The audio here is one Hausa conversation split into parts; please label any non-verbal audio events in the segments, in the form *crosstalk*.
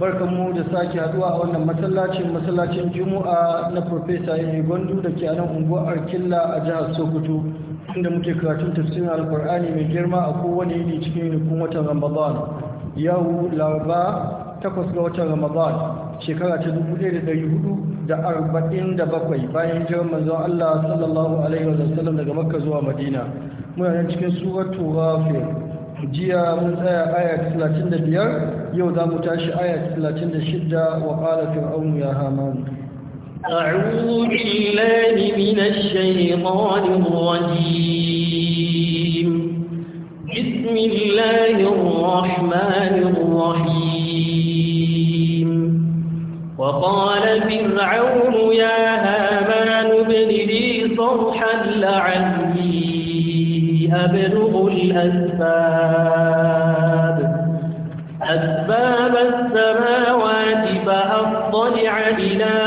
mu da sake haduwa a wannan masallacin masallacin juma'a na profesa yanayi gwandu da ke nan unguwar killa a jihar sokoto inda muke karatun tafsirin alkur'ani mai girma a kowane yini cikin yinikun watan ramadan yau laraba takwas ga watan ramadan shekara ta dubu ɗaya da ɗari hudu da arba'in da bakwai bayan jiran manzon allah sallallahu alaihi wa sallam daga makka zuwa madina muna nan cikin suratu ghafir jiya mun tsaya aya 35 yau za mu tashi aya 36 wa qala fir'aunu ya haman a'udhu billahi minash shaytanir rajim bismillahir rahmanir rahim wa qala fir'aunu ya haman ibni li sarhan la'an يبلغ الأسباب أسباب السماوات فأطلع إلى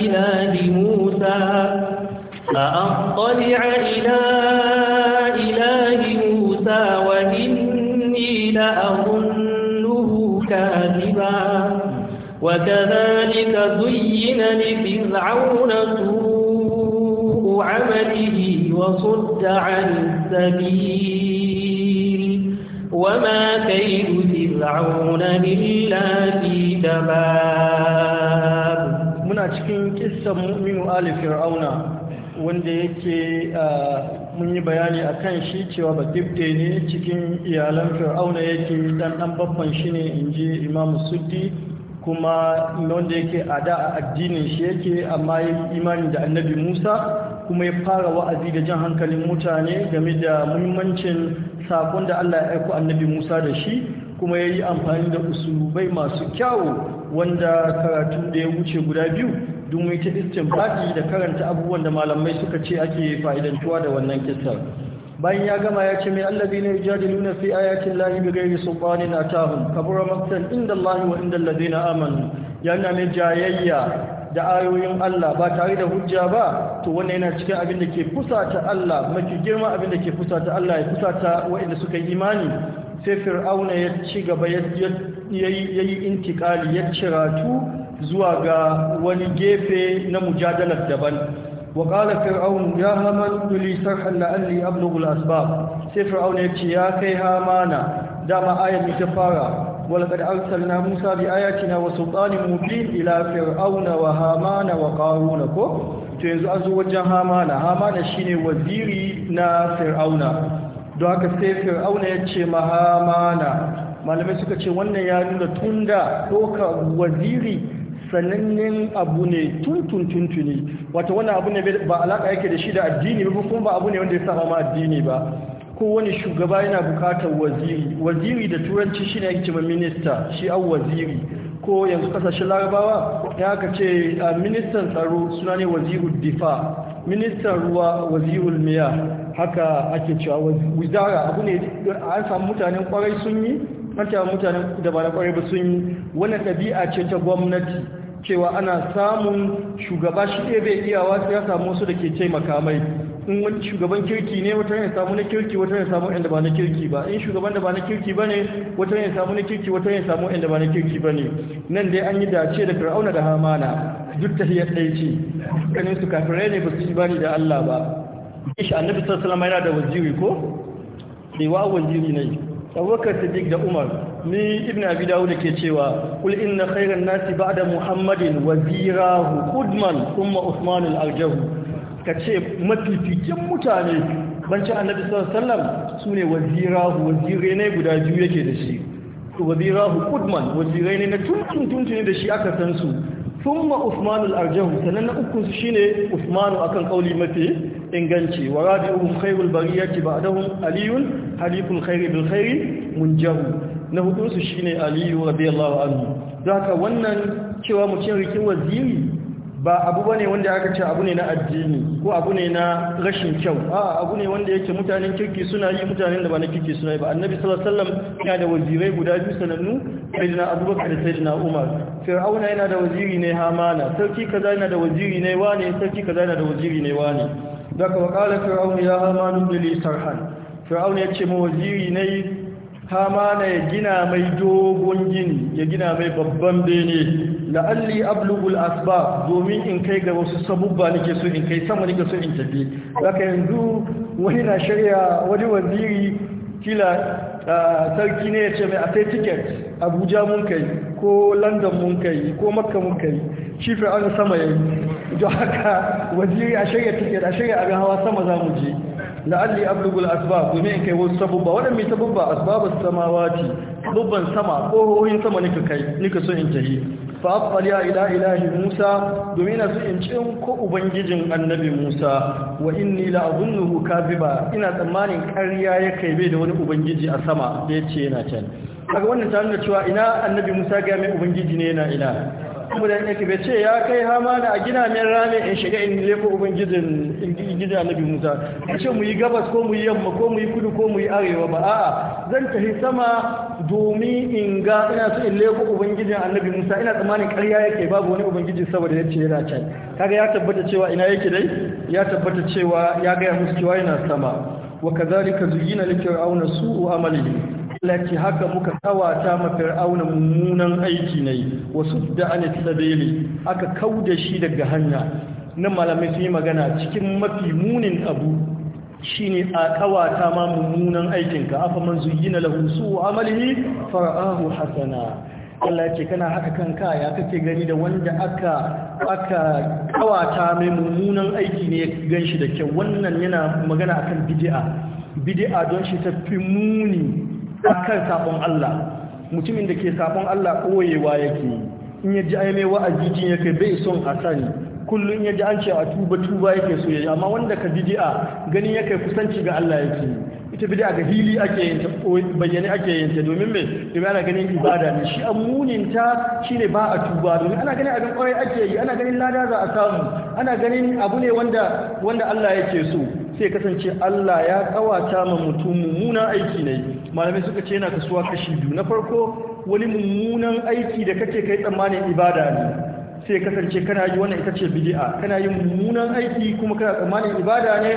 إله موسى فأطلع إلى إله موسى وإني لأظنه كاذبا وكذلك زين لفرعون سوء عمله وصد عن السبيل وما كيد فرعون إلا في تباب muna cikin kissan mu'minu ali fir'auna wanda yake mun yi bayani a kan shi cewa ba dibde ne cikin iyalan fir'auna yake dan dan babban shi ne in ji imamu suddi kuma wanda yake a da addinin shi yake amma imani da annabi musa kuma ya fara wa'azi da jan hankalin mutane game da muhimmancin sakon da Allah ya aiko annabi Musa da shi kuma ya yi amfani da usulubai masu kyawu wanda karatu da ya wuce guda biyu domin ta istinbadi da karanta abubuwan da malamai suka ce ake fa'idantuwa da wannan kisar bayan ya gama ya ce mai allabi ne yujadiluna fi ayatin lahi bi ghairi sultanin atahum kabura maktan inda Allah wa inda alladhina amanu yana mai jayayya da ayoyin Allah ba tare da hujja ba to wannan yana cikin abin da ke fusata Allah mafi girma abin da ke fusata Allah ya fusata waɗanda suka yi imani sai fir'auna ya ci gaba ya yi intikali ya ciratu zuwa ga wani gefe na mujadalar daban وقال Fir'aun يا هامان لي صرحا لعلي ابلغ الاسباب sai fir'auna ya ce ya kai hamana dama ayar ta fara ولقد أرسلنا موسى بآياتنا وسلطان مبين إلى فرعون وهامان وقارون كو تنزو أزو وجه هامان هامان شيني وزيري نا فرعون دعاك سي فرعون يتشي مهامان ما لم malamai suka ce wannan ya nuna وزيري sanannen abu ne tuntun tuntuni wata wannan abu ne ba alaka yake da shi da addini ba kuma ba abu ne wanda ya saba ma addini ba kowane shugaba yana bukatar waziri waziri da turanci shi ne cewa minista shi an waziri ko yanzu kasashen larabawa ya aka ce ministan tsaro suna ne wazirul difa ministan ruwa wazirul miya haka ake cewa wizara abu ne an samu mutanen kwarai sun yi an mutanen da ba na kwarai ba sun yi wani ɗabi'a ce ta gwamnati cewa ana samun shugaba shi ɗaya bai iyawa sai ya samu wasu da ke taimaka mai in wani shugaban kirki ne wata ya samu na kirki wata ya samu inda ba na kirki ba in shugaban da ba na kirki ba ne wata ya samu na kirki wata ya samu inda ba na kirki ba ne nan dai an yi dace da fir'auna da hamana duk ta hiyar ɗaya ce dukkanin su kafirai ne ba su bani da allah ba ishi annabi sallallahu alaihi yana da waziri ko sai wa waziri ne abubakar Sadiq da umar ni ibn abi dawud ke cewa kul inna khairan nasi ba'da muhammadin wazirahu qudman thumma usman al-arjahu ka ce mafifikin mutane bancin annabi sallam su ne wazirahu wazirai ne guda biyu yake da shi wazirahu kudman wazirai ne na tuntun tuntun da shi aka san su thumma usman al-arjahu na ukun su shine usmanu akan kauli mafi inganci wa rabi'uhum khairul da ba'dahum aliyun Halifun khairi bil khairi munjahu na hudun su shine aliyu radiyallahu anhu zaka wannan cewa mutum rikin waziri ba abu bane wanda aka ce abu ne na addini ko abu ne na rashin kyau a abu ne wanda yake mutanen kirki suna yi mutanen da ba na kirki suna yi ba annabi sallallahu alaihi wasallam yana da wazirai guda biyu sanannu sayyidina abubakar da sayyidina umar fir'auna yana da waziri ne hamana sarki kaza yana da waziri ne wane sarki kaza yana da waziri ne wane daga wakala fir'auna ya hamanu bili sarhan fir'auna ya ce ma waziri ne hamana ya gina mai dogon gini ya gina mai babban bene la'alli al asbab domin in kai ga wasu sabubba nake so in kai sama nake so in tafi zaka yanzu wani na shari'a wani waziri kila sarki ne ya ce mai a sai tiket abuja mun kai ko london mun kai ko makka mun kai shi an sama yayi don haka waziri a shirya tiket a shirya abin hawa sama za mu je la'alli ablugul asbab domin in kai wasu sabubba wannan mai sabubba asbabus samawati dubban sama ƙohohin sama nika kai nika so in tahi fa'affaliya ila ilahi Musa domin na su in cin ko ubangijin annabi Musa wa inni la'azunnuhu kadhiba ina tsammanin ƙarya ya kai bai da wani ubangiji a sama da ce yana can kaga wannan ta nuna cewa ina annabi Musa ga mai ubangiji ne yana ina mu da yake bai ce ya kai hamana a gina min rami in shiga in lefo ubangijin ingiji annabi musa ya ce mu yi gabas ko mu yi yamma ko mu yi kudu ko mu yi arewa ba a'a zan tafi sama domin in ga ina so in lefo ubangijin annabi musa ina tsammanin karya yake babu wani ubangiji saboda ya ce yana can kaga ya tabbata cewa ina yake dai ya tabbata cewa ya gaya musu cewa yana sama wa kazalika zuyina li fir'auna su'u amalihi lati haka muka kawata ma fir'auna mummunan aiki ne wasu da an sabili aka kauda shi daga hanya na malamai sun yi magana cikin mafi munin abu shine a kawata ma mummunan aikinka afa man zuyyina lahu su'u amalihi fara'ahu hasana Allah ce kana haɗa kanka ya kake gani da wanda aka aka kawata mai mummunan aiki ne ya ganshi da kyau wannan yana magana akan bid'a bid'a don shi ta fi muni akan sabon Allah mutumin da ke sabon Allah koyewa yake in yaji ai mai wa'azi jin yake bai son a sani kullun ji an ce a tuba tuba yake so yayi amma wanda ka bid'a gani yake kusanci ga Allah yake ita bid'a ga hili ake yin ta bayyane ake yin ta domin me domin ana ganin ibada ne shi an munin ta shine ba a tuba domin ana ganin abin kwarai ake yi ana ganin lada za a samu ana ganin abu ne wanda wanda Allah yake so sai kasance Allah ya kawata ma mutum mummunan aiki ne malamai suka ce yana kasuwa kashi biyu na farko wani mummunan aiki da kake kai tsammanin ibada ne sai kasance kana yi wannan ita ce bid'a kana yi mummunan aiki kuma kana tsammanin ibada ne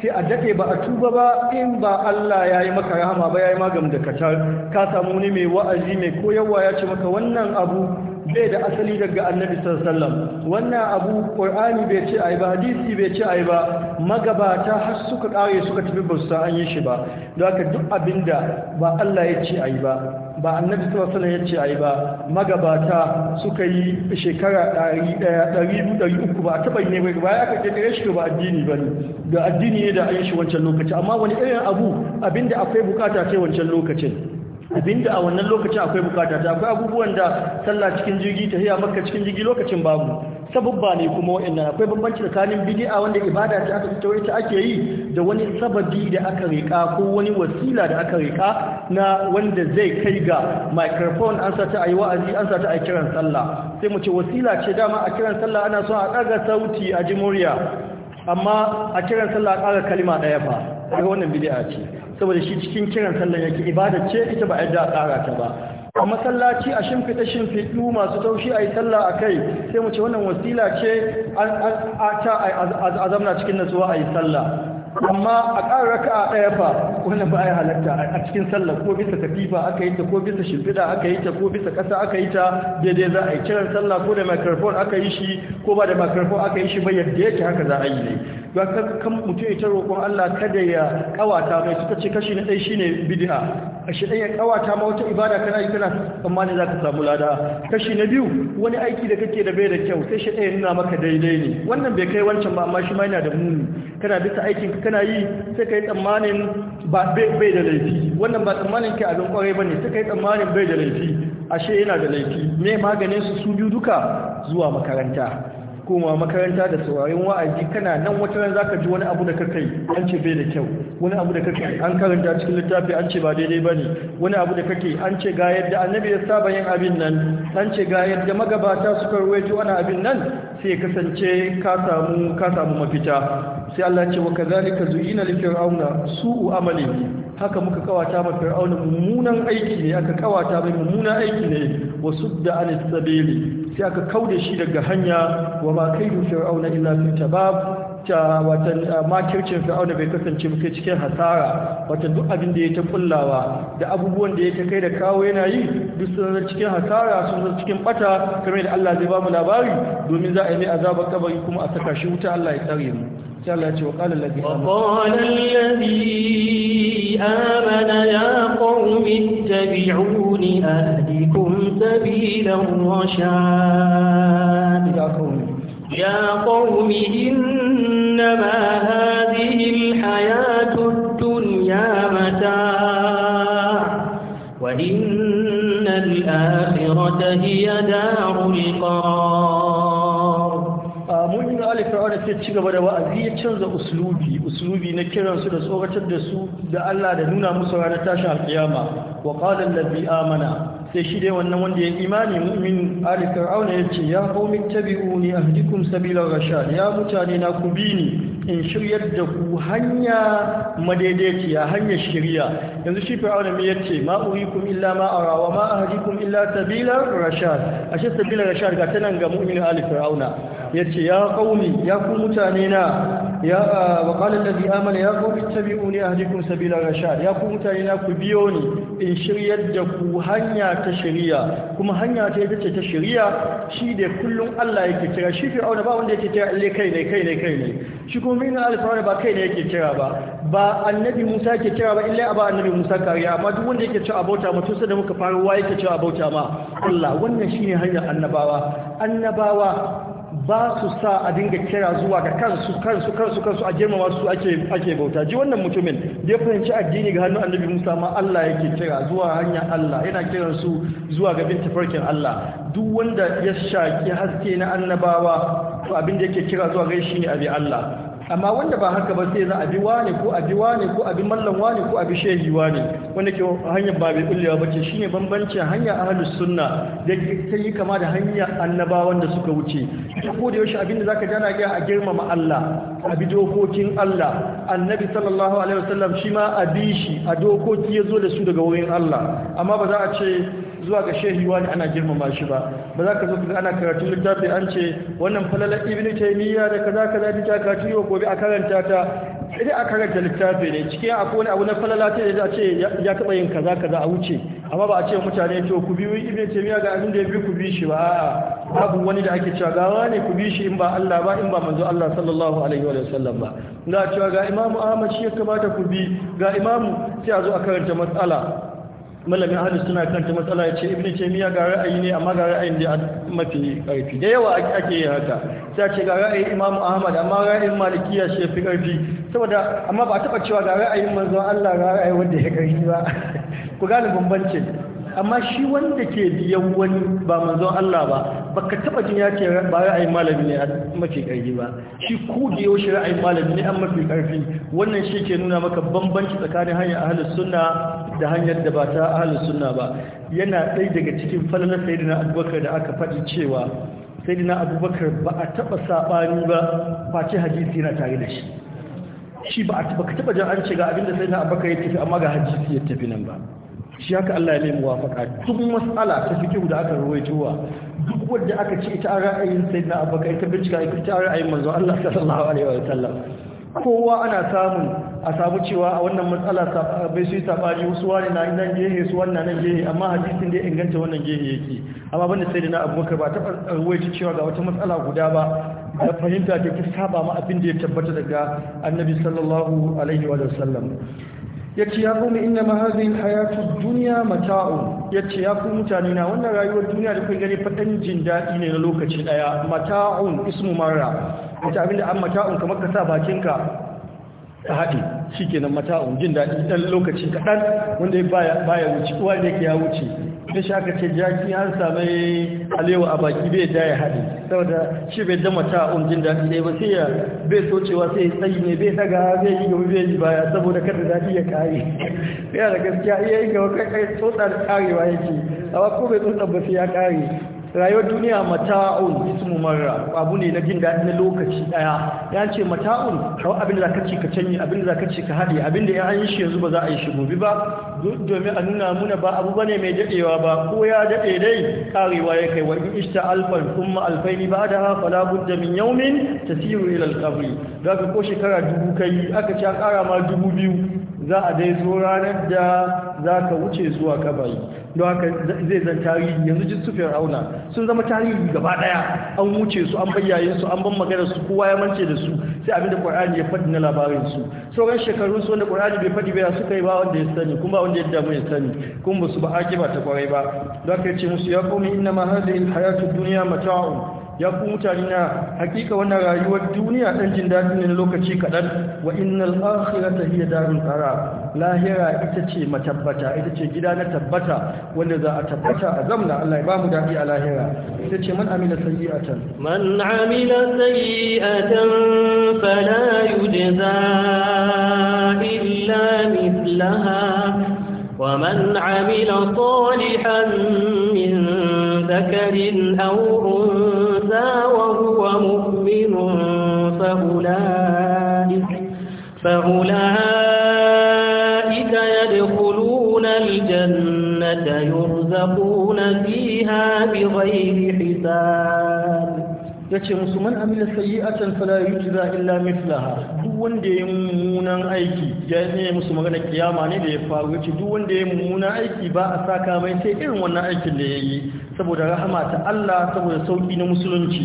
sai a dade ba a tuba ba in ba Allah ya yi maka rahama ba ya yi magam da katar ka samu wani mai wa'azi mai koyarwa ya ce maka wannan abu bai da asali daga annabi sallallahu wannan abu qur'ani bai ce ai ba hadisi bai ce ai ba magabata har suka kare suka tafi ba su an yi shi ba don haka duk abinda ba Allah ya ce ai ba ba annabi sallallahu alaihi ya ce ai ba magabata suka yi shekara ɗari uku ba taba ne ba ba aka kirkire shi ba addini ba ne da addini ne da an yi shi wancan lokaci amma wani irin abu abinda akwai bukata ce wancan lokacin abinda a wannan lokacin akwai bukata ta akwai abubuwan da sallah cikin jirgi ta hiya makka cikin jirgi lokacin babu sabubba ne kuma wa'annan akwai bambanci tsakanin bid'a wanda ibada ta aka fitowa ita ake yi da wani sababi da aka rika ko wani wasila da aka rika na wanda zai kai ga microphone an sa ta ayi wa'azi an sa ta kiran sallah sai mu ce wasila ce dama a kiran sallah ana son a daga sauti a jimuriya amma a kiran sallah ɗaga kalima ɗaya fa wannan bid'a ce saboda shi cikin kiran sallar yake ibada ce ita ba a yadda a tsara ta ba a masallaci a shimfiɗa shimfiɗu masu taushi a yi sallah a kai sai mu wannan wasila ce a ta a zamana cikin natsuwa a yi sallah amma a ƙara raka a ɗaya fa wani ba ya halatta a cikin sallah ko bisa katifa aka yi ta ko bisa shimfiɗa aka yi ta ko bisa ƙasa aka yi ta daidai za a yi kiran sallah ko da microphone aka yi shi ko ba da microphone aka yi shi ba yadda yake haka za a yi ne ba ka mutum ita roƙon Allah kada ya kawata mai suka ce kashi na ɗaya shine A kashi ɗaya kawata ma wata ibada kana yi kana ne za ka samu lada kashi na biyu wani aiki da kake da bai da kyau sai shi ɗaya nuna maka daidai ne wannan bai kai wancan ba amma shi ma da muni kana bisa aikin ka kana yi sai ka yi tsammanin ba bai da laifi wannan ba tsammanin ka abin kwarai ba ne sai ka yi tsammanin bai da laifi ashe yana da laifi me maganin su su biyu duka zuwa makaranta koma makaranta da saurayin wa'azi kana nan wata ran zaka ji wani abu da kake kai an ce bai da kyau wani abu da ka kai an karanta cikin littafi an ce ba daidai bane wani abu da kake an ce ga yadda annabi ya saba yin abin nan an ce ga yadda magabata suka ruwaito ana abin nan sai ya kasance ka samu ka samu mafita sai Allah ya ce wa kazalika zuyina li fir'auna su'u amali haka muka kawata ma fir'auna mummunan aiki ne aka kawata mai mummunan aiki ne wasu da anis sabili sai aka kaude shi daga hanya wa ma kaidu fir'auna illa fi tabab ta watan makircin fir'auna bai kasance ba cikin hasara Wata duk abin da ya ta kullawa da abubuwan da ya ta kai da kawo yana yi duk sun zama cikin hasara sun zama cikin bata kamar da Allah zai ba mu labari domin za a yi mai azabar kabari kuma a saka shi wuta Allah ya tsare mu وقال الذي وقال الذي آمن يا قوم اتبعوني أهلكم سبيل الرشاد يا قوم يا قوم إنما هذه الحياة الدنيا متاع وإن الآخرة هي دار القرار kamata ya ci gaba da wa'azi ya canza uslubi uslubi na kiransu da tsoratar da su da Allah da nuna musu ranar tashin alƙiyama wa qala allazi amana sai shi dai wannan wanda ya imani mu'min ali fir'auna yace ya qaumi tabi'uni ahdikum sabila rashad ya mutane na ku bi ni in shiryar da ku hanya madaidaiciya hanyar shirya yanzu shi fir'auna me yace ma urikum illa ma ara wa ma ahdikum illa sabila rashad ashe sabila rashad ga tanan ga mu'min ali fir'auna yace ya qaumi ya ku mutane na ya wa qala allazi amana ya ta biyu ne a ahdikum sabila rashad ya ku mutane na ku biyo ni in shiryar da ku hanya ta shari'a kuma hanya ta ita ce ta shari'a shi da kullun Allah yake kira shi auna ba wanda yake kira alle kai ne kai ne kai ne shi kuma bin al ba kai ne yake kira ba ba annabi Musa yake kira ba illa ba annabi Musa kariya amma duk wanda yake cewa abauta ma tun da muka fara wa yake cewa abauta ma Allah wannan shine hanyar annabawa annabawa ba su sa a dinga kira zuwa ga kansu kansu kansu kansu a girmama su ake ake bauta ji wannan mutumin da ya fahimci addini ga hannun annabi Musa ma Allah yake kira zuwa hanya Allah yana kiran su zuwa ga bin tafarkin Allah duk wanda ya shaki haske na annabawa to abin da yake kira zuwa ga ne abi Allah amma wanda ba haka ba sai za a bi wane ko a bi wane ko a bi mallan wane ko a bi shehi wane wanda ke hanyar ba bai kullewa bace shine bambancin hanya ahlus sunna da ta yi kama da hanya annabawa wanda suka wuce ko da yaushe abinda zaka jana ga a girmama Allah a bi dokokin Allah annabi sallallahu alaihi wasallam shi ma a bi shi a dokoki yazo da su daga wurin Allah amma ba za a ce zuwa ga shehi wani ana girmama shi ba ba za ka zo ka ana karatun littafi an ce wannan falalar ibnu taymiya da kaza kaza da ta karatu yau gobe a karanta ta idan a karanta littafi ne cikin akwai wani abu na falala ta da ce ya taba yin kaza kaza a wuce amma ba a ce mutane to ku biyu ibnu taymiya ga abin da ya bi ku bi shi ba a'a babu wani da ake cewa gawa ne ku bi shi in ba Allah ba in ba manzo Allah sallallahu alaihi wa sallam ba na cewa ga imamu Ahmad shi ya kamata ku bi ga imamu sai a zo a karanta matsala malamin hadis suna kanta matsala ya ce ibn taymiya ga ra'ayi ne amma ga ra'ayin da mafi karfi da yawa ake yi haka sai ce ga ra'ayin imamu ahmad amma ra'ayin malikiya shi fi karfi saboda amma ba taba cewa ga ra'ayin manzo Allah ga ra'ayi wanda ya karfi ba *laughs* ku gane bambancin amma shi wanda ke biyan wani ba manzo Allah ba baka taba jin ya ce ba ra'ayin malami ne mafi karfi ba shi ku da yaushe ra'ayin malami ne a mafi karfi wannan shi ke nuna maka bambanci tsakanin hanyar ahlus sunna da hanyar da ba ta ahalin suna ba yana ɗaya daga cikin falalar saidina abubakar da aka faɗi cewa saidina abubakar ba a taɓa saɓani ba face hadisi yana tare da shi shi ba a taɓa ka taɓa jan an ce ga abinda saidina abubakar ya tafi amma ga hadisi ya tafi nan ba shi haka Allah ya nemi wafaka duk mas'ala ta fikihu da aka ruwaitowa duk wadda aka ce ita ra'ayin saidina abubakar ita bincika ita ra'ayin manzo Allah *laughs* sallallahu alaihi wa sallam kowa ana samun a sabu cewa a wannan matsala bai su yi sabani wasu wani na nan gehe su wannan nan gehe amma hadisin da inganta wannan gehe yake amma banda sai da na abubakar ba taɓa ruwaici cewa ga wata matsala guda ba da fahimta ta fi saba ma abin da ya tabbata daga annabi sallallahu alaihi wa sallam ya ce ya kuma inna mahazin hayatu duniya mata'u ya ce ya kuma mutane na wannan rayuwar duniya da kai gani faɗan jin daɗi ne na lokaci ɗaya mata'un ismu marra wata abin an mata'un kamar ka sa bakinka ta haɗe shi kenan mata'un jin daɗi ɗan lokaci kaɗan wanda ya baya wuce uwa ne ya wuce da shi ce jaki an same alewa a baki bai da ya haɗe saboda shi bai da a jin daɗi ɗaya ba sai ya bai socewa sai tsayi ne bai daga zai yi gaba bai yi baya saboda kada daɗi ya kare ya da gaskiya iya yi gaba kai tsotsar da karewa yake amma ko bai tsotsar ba sai ya kare rayuwar duniya mata'un ismu marra abu ne na jin daɗi na lokaci ɗaya ya ce mata'un kawai abin da za ka ce ka canyi abin da za ka ce ka haɗe abin da ya an yi shi yanzu ba za a yi shi gobe ba domin a nuna muna ba abu bane mai daɗewa ba ko ya daɗe dai karewa ya kai wa in ishta alfan kuma alfaini ba da hafa da min yaumin ta siyo ilal kabri za ka ko shekara dubu kai aka ci a ƙara ma dubu biyu za a dai zo ranar da za ka wuce zuwa kabari don haka zai zan tarihi yanzu jin sufiyar auna sun zama tarihi gaba daya an wuce su an bayyaye su an ban magana su kowa ya mance da su sai abinda qur'ani ya faɗi na labarin su sauran shekarun su wanda qur'ani bai faɗi ba suka yi ba wanda ya sani kuma wanda ya damu ya sani kuma ba su ba ba ta kwarai ba don haka ce musu ya komi inna ma hadhihi alhayatud dunya mata'un ya ku mutane na hakika wannan rayuwar duniya ɗan jin daɗi ne na lokaci kaɗan wa innal akhirata hiya darul qarar lahira ita ce matabbata ita ce gida na tabbata wanda za a tabbata a zamna Allah ya ba mu dadi a lahira ita ce man amila sayyi'atan man amila sayyi'atan fala yujza illa mithlaha wa man amila salihan min dhakarin aw unsa wa huwa mu'min fa ulai fa ulai الجنة يرزقون فيها بغير حساب yace musu man amila illa duk wanda ya mummunan aiki ya ne musu magana kiyama ne da ya faru yace duk wanda ya mummunan aiki ba a saka mai sai irin wannan aikin da yayi saboda rahama ta Allah saboda sauki na musulunci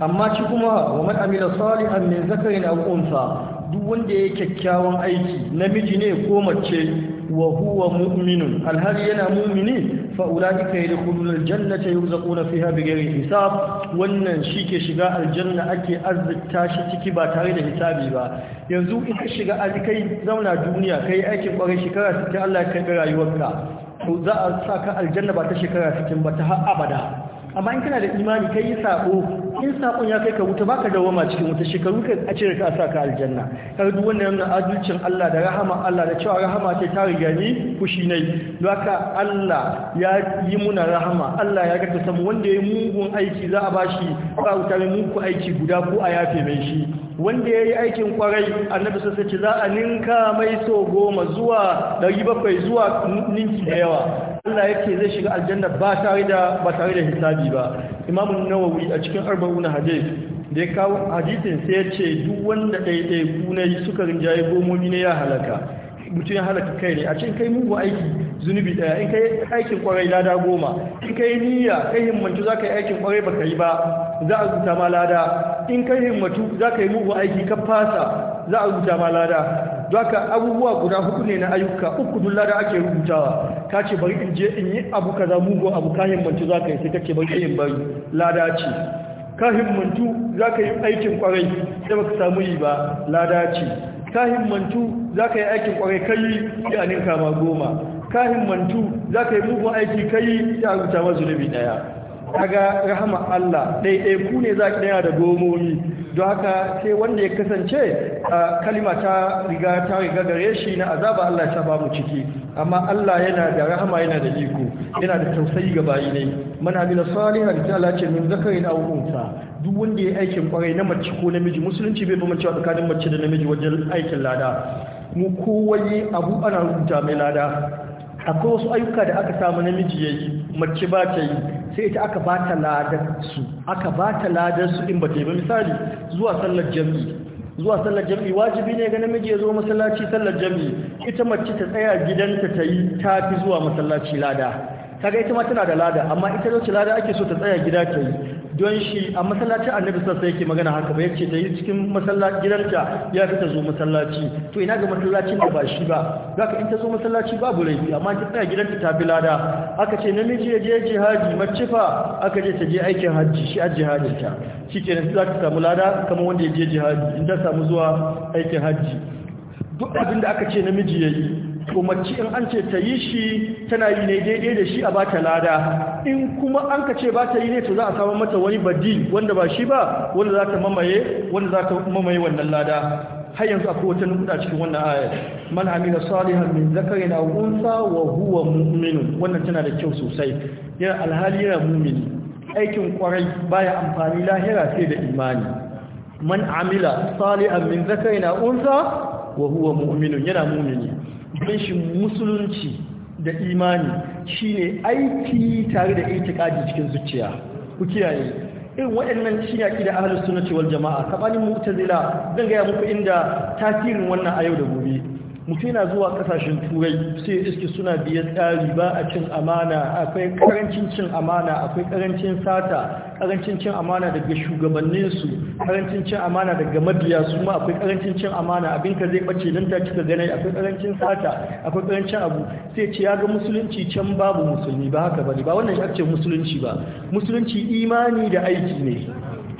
amma shi kuma wa man amila salihan min zakarin aw unsa duk wanda ya kyakkyawan aiki namiji ne ko mace وهو مؤمن الهل ينا مؤمني فأولئك يدخلون الجنة يرزقون فيها بغير حساب wannan shi ke shiga aljanna ake arzikta shi ciki ba tare da hisabi ba yanzu in ka shiga kai zauna duniya kai aikin kwarin shekara 60 Allah ya karbi rayuwarka to za a saka aljanna ba ta shekara 60 ba ta har abada amma in kana da imani kai yi sabo in sakon ya kai ka wuta baka dawoma cikin wuta shekaru kai a cire ka a saka aljanna kar duk wannan yana adalcin Allah da rahama Allah da cewa rahama ce ta riga ni fushi nai haka Allah ya yi muna rahama Allah ya gata samu wanda ya mugun aiki za a bashi ba wuta ne muku aiki guda ko a yafe mai shi wanda ya yi aikin kwarai annabi sun ce za a ninka mai so goma zuwa ɗari bakwai zuwa ninki da yawa Allah yake zai shiga aljanna ba tare da ba tare da hisabi ba Imam Nawawi a cikin arba'un hadith da ya kawo hadisin sai ya ce duk wanda dai kunai suka rinjaye gomomi ne ya halaka mutum ya halaka kai ne a cikin kai mugu aiki zunubi ɗaya in kai aikin kwarai lada goma in kai niyya kai himmatu za ka yi aikin kwarai ba ka yi ba za a rubuta ma lada in kai himmatu za ka yi mugu aiki ka fasa za a rubuta ma lada ka abubuwa guda hudu ne na ayyuka uku dun lada ake rubutawa ka ce bari in je in yi abu kaza mugu abu ka himmantu za ka yi sai kake bari in bari lada ce ka himmantu za ka yi aikin kwarai sai baka samu yi ba lada ce ka himmantu za ka yi aikin kwarai kai ya ninka ma goma ka himmantu za ka yi mugun aiki kai ya rubuta wa zunubi daya kaga rahama Allah ɗaiɗai ku ne za ki yana da gomomi don haka sai wanda ya kasance kalima ta riga ta riga gare shi na azaba Allah ya ba mu ciki amma Allah yana da rahama yana da iko yana da tausayi ga bayi ne man amila salihan ta Allah ce mun zakari da unsa duk wanda ya aikin kwarai na mace ko namiji musulunci bai cewa tsakanin mace da namiji wajen aikin lada mu kowaye abu ana rubuta mai lada akwai wasu ayyuka da aka samu namiji yayi mace ba ta yi sai ita aka ba ta ladar su aka ba ta ladar su in ba yi ba misali zuwa sallar jami'i zuwa sallar jami'i wajibi ne ga namiji ya zo masallaci sallar jami'i ita mace ta tsaya gidanta ta yi tafi zuwa masallaci lada kaga ita ma tana da lada amma ita ta lada ake so ta tsaya gida ta yi don shi a masallacin annabi sassa yake magana haka ba ya ce ta yi cikin masallaci gidanta ya fi ta zo masallaci to ina ga masallacin da ba shi ba zaka in ta zo masallaci babu laifi amma ta tsaya gidanta ta bi lada aka ce namiji ya je jihadi mace fa aka je ta je aikin hajji shi ajji hajjin ta shikenan za ta samu lada kamar wanda ya je jihadi in ta samu zuwa aikin hajji duk abin da aka ce namiji ya yi umarci in an ce ta yi shi tana yi ne daidai da shi a ba ta lada in kuma an ka ce ba ta yi ne to za a samu mata wani badi wanda ba shi ba wanda za ta mamaye wanda za ta mamaye wannan lada har yanzu akwai wata nukuda cikin wannan aya man amila salihan min zakari na unsa wa huwa mu'min wannan tana da kyau sosai yana alhali yana mu'mini aikin kwarai baya amfani lahira sai da imani man amila salihan min zakari na unsa wa huwa mu'min yana mu'mini ginshin musulunci da imani shine aiki tare da itikadi cikin zuciya ku kiyaye irin waɗannan shine da ahlus suna cewar jamaa sabanin mu'tazila zan gaya muku inda tasirin wannan a yau da gobe mutu yana zuwa kasashen turai sai iske suna biyan tsari ba a cin amana akwai karancin cin amana akwai karancin sata karancin cin amana daga shugabanninsu karancin cin amana daga mabiya su ma akwai karancin cin amana abin ka zai bace nan ta cika gane akwai karancin sata akwai karancin abu sai ce ya ga musulunci can babu musulmi ba haka bane ba wannan shi musulunci ba musulunci imani da aiki ne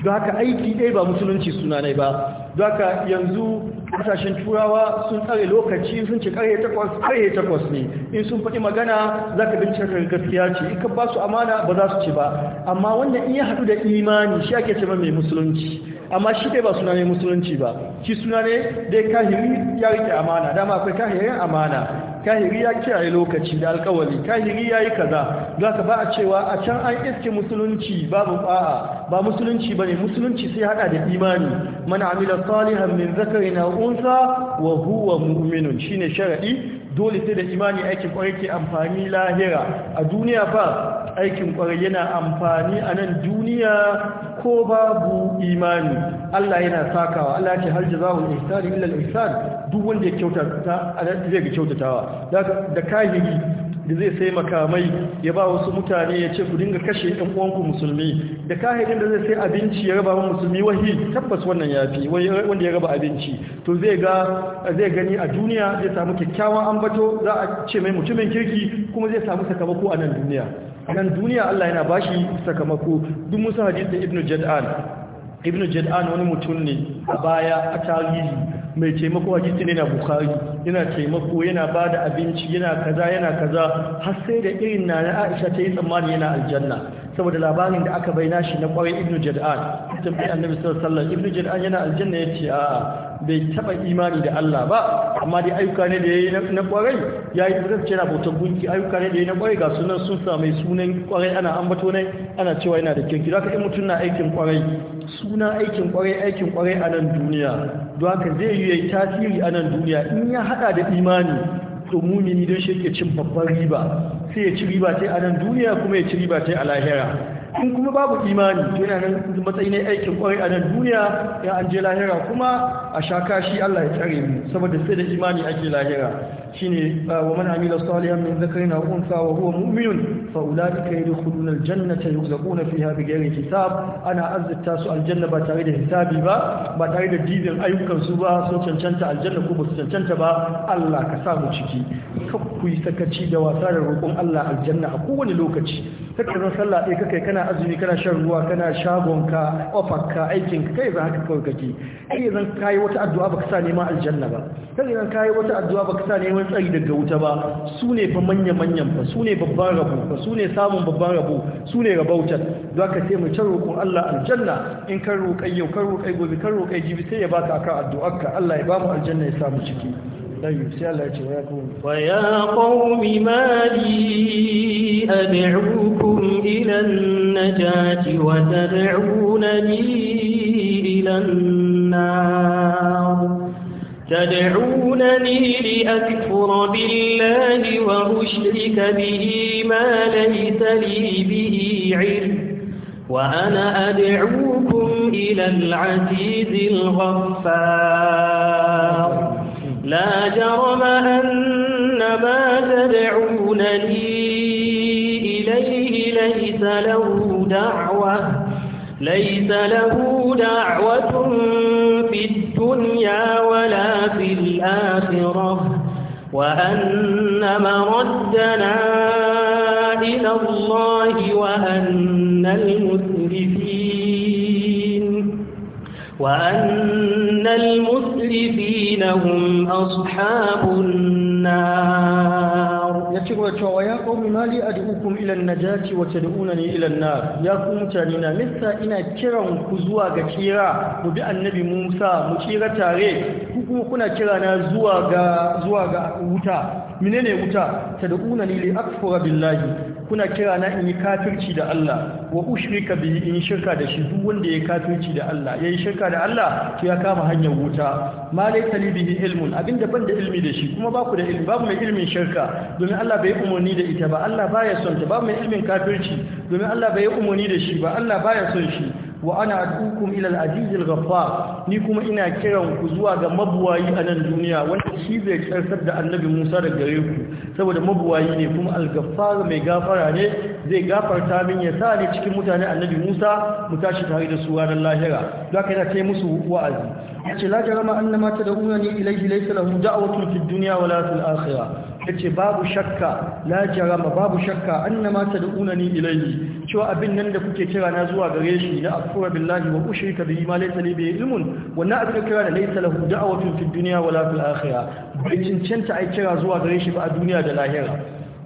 don haka aiki ɗaya ba musulunci suna ne ba don haka yanzu kasashen turawa sun tsare lokaci sun ce karye takwas takwas ne in sun faɗi magana za ka bincika gaskiya ce in ka ba su amana ba za su ci ba amma wanda in ya haɗu da imani shi ake cewa mai musulunci amma shi dai ba suna ne musulunci ba shi suna ne dai kahiri ya rike amana dama akwai kahirin amana kahiri ya kiyaye lokaci da alkawali kahiri ya yi kaza za ka ba a cewa a can an iske musulunci babu ba'a ba musulunci ba ne musulunci sai haɗa da imani mana amila salihan min zakari na unsa wa huwa mu'minun shine sharaɗi dole sai da imani aikin kwarai ke amfani lahira a duniya fa aikin kwarai yana amfani a nan duniya ko babu imani Allah yana sakawa Allah ce hal jazaa'ul ihsan illa al ihsan duk wanda ya kyautata zai ga kyautatawa da kahiri da zai sai makamai ya ba wasu mutane ya ce ku dinga kashe ɗan uwanku musulmi da kahirin da zai sai abinci ya raba musulmi wahi tabbas wannan ya fi wanda ya raba abinci to zai gani a duniya zai samu kyakkyawan ambato za a ce mai mutumin kirki kuma zai samu sakamako a nan duniya a nan duniya Allah yana bashi sakamako duk musa hadisi da Ibn Jad'an Ibn Jad'an wani mutum ne a baya a tarihi mai taimako a hadisin yana bukari yana taimako yana ba da abinci yana kaza yana kaza har sai da irin na na aisha ta yi tsammani yana aljanna saboda labarin da aka bayyana shi na kwarai ibnu jad'an tambayi annabi sallallahu alaihi wasallam ibnu jad'an yana aljanna yace a bai taba imani da Allah ba amma dai ayyuka ne da yayi na kwarai yayi gaskiya yana bautar gunki ayyuka ne da yayi na kwarai ga sunan sun sa mai sunan kwarai ana ambato ne ana cewa yana da kirki haka in mutun na aikin kwarai suna aikin kwarai aikin kwarai a nan duniya don haka zai yi tasiri a nan duniya in ya hada da imani to mumini don shi cin babban riba sai ya ci riba ta a nan duniya kuma ya ci riba ta a lahira in kuma babu imani to yana nan matsayi ne aikin kwarai a nan duniya ya an je lahira kuma a sha kashi Allah ya tsare mu saboda sai da imani ake lahira shine wa man amila salihan min dhakarin aw unsa wa huwa mu'minun fa ka yadkhuluna aljannata yuzakuna fiha bighairi hisab ana azzata su aljanna ba tare da hisabi ba ba tare da dizin ayyukan su ba su cancanta aljanna ko ba su cancanta ba Allah ka sa mu ciki ku yi sakaci da wasa da roƙon Allah aljanna a kowane lokaci kake zan sallah ɗaya kake kana azumi kana shan ruwa kana shagonka ofarka aikinka kai za haka kawai kake kai zan kayi wata addu'a baka sa neman aljanna ba kai zan kayi wata addu'a baka sa neman neman tsari daga wuta ba su ne fa manya-manyan ba su ne babban rabo ba su ne samun babban rabo su ne rabautar za ka sai mai can roƙon Allah aljanna in kan roƙai yau kan roƙai gobe kan roƙai jibi sai ya ba ka akan addu'arka Allah ya ba mu aljanna ya samu ciki ويا قوم ما لي تدعونني لأكفر بالله وأشرك به ما ليس لي به علم وأنا أدعوكم إلى العزيز الغفار لا جرم أن ما تدعونني إليه ليس له دعوة ليس له دعوة في الدين الدنيا ولا في الآخرة وأنما ردنا إلى الله وأن المسرفين وأن المسرفين هم أصحاب النار ci gaba cewa ya qaumi mali ad'ukum ila najati wa tad'unani ila ilan nar ya ku mutane na lissa ina kiran ku zuwa ga kira ku bi annabi Musa mu kira tare ku kuma kuna kira na zuwa ga zuwa ga wuta menene wuta tad'unani li rabin billahi kuna kira na in yi kafirci da Allah wa ushrika bi in shirka da shi duk wanda ya kafirci da Allah yayi shirka da Allah to ya kama hanyar wuta ma laysa li bihi ilmun abinda ban da ilmi da shi kuma ba ku da ilmi babu mai ilmin shirka domin Allah bai umarni da ita ba Allah baya son ta babu mai ilmin kafirci domin Allah bai umarni da shi ba Allah baya son shi wa ana adukum ila al-aziz ghaffar ni kuma ina kiran ku zuwa ga mabuwayi a nan duniya wanda shi zai karsar da annabi Musa da gare ku saboda mabuwayi ne kuma al-ghaffar mai gafara ne zai gafarta min ya sa ni cikin mutane annabi Musa mu tashi tare da su ranar lahira zaka yana kai musu wa'azi yace la jarama annama tad'unani ilayhi laysa lahu da'watun fid dunya wala fil akhirah yace babu shakka la jarama babu shakka annama tad'unani ilayhi cewa abin nan da kuke kira na zuwa gare shi na afkura billahi wa ushrika bihi ma laysa li bihi ilmun wannan abin da kira da laysa lahu da'watun fid dunya wala fil akhirah bai cancanta ai kira zuwa gare shi ba a duniya da lahira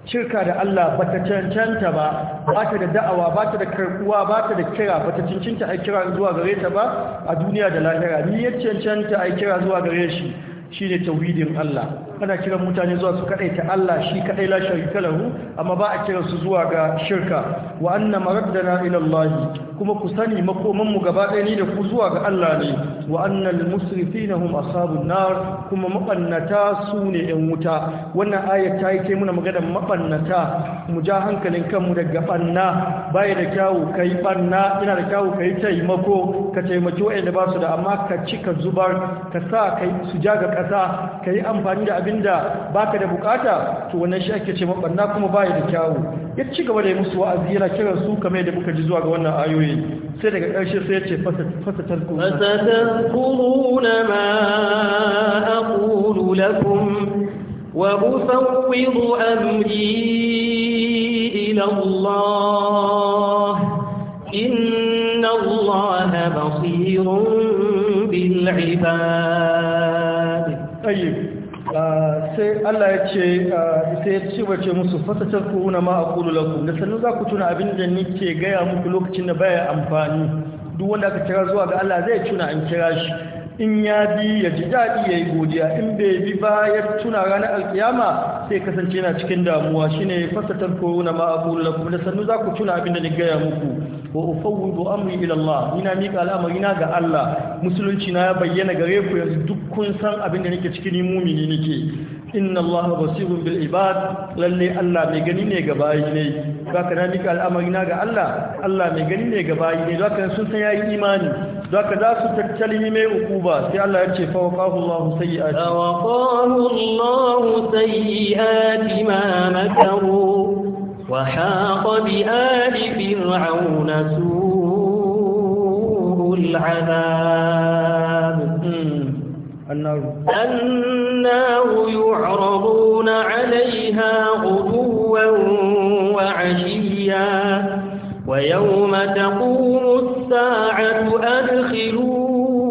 shirka da Allah ba ta cancanta ba ba ta da da'awa ba ta da karkuwa ba ta da kira ba ta cancanta a kira zuwa gare ta ba a duniya da lahira ni ya cancanta a kira zuwa gare shi shine ne tauhidin Allah ana kiran mutane zuwa su kadai ta Allah shi kadai la sharika lahu amma ba a kiran su zuwa ga shirka wa anna maraddana ila Allah kuma ku sani makoman mu gaba ɗaya ni da ku zuwa ga Allah ne wa annal musrifina hum ashabun nar kuma mabannata su ne ɗan wuta wannan aya ta yi kai muna magana mabannata mu ja hankalin kanmu daga banna baya da kyawu kai banna ina da kyawu kai taimako ka taimaki wa'anda ba su da amma ka ci ka zubar ka sa kai su ja ga ƙasa ka yi amfani da abinda baka da bukata to wannan shi ake ce mabanna kuma ya da kyawu ya ci gaba da yi musu wa'azi yana kiran su kamar yadda muka ji zuwa ga wannan ayoyi sai daga ƙarshe sai ya ce fasatar kuma fasatar ma aqulu lakum wa usawwiru amri ila Allah inna Allah basirun bil ibad tayyib sai Allah ya ce ah, sai ya ci bace musu fasatar ku na ma aqulu da sannu za ku tuna abin da nike gaya muku lokacin da baya amfani duk wanda aka kira zuwa ga Allah zai tuna an kira shi in ya bi ya ji daɗi ya yi godiya in bai bi ba ya tuna ranar alkiyama sai kasance yana cikin damuwa shine fasatar na ma abu lakum da sannu za ku tuna abin da ni gaya muku wa ufawwidu amri ilallah Allah ina mika al'amari na ga Allah musulunci na ya bayyana gare ku yanzu duk kun san abin da nake cikin mumini nake inna allaha basirun bil ibad lalle Allah mai gani ne ga bayi ne zaka na mika al'amari na ga Allah Allah mai gani ne ga bayi ne zaka sun san yayi imani zaka za su tattalin mai ukuba sai Allah ya ce fa waqahu Allahu sayyi'ati wa qala Allahu sayyi'ati ma makaru wa haqa bi ali fir'auna su'ul 'adab النار النار يعرضون عليها غدوا وعشيا ويوم تقوم الساعة أدخلوا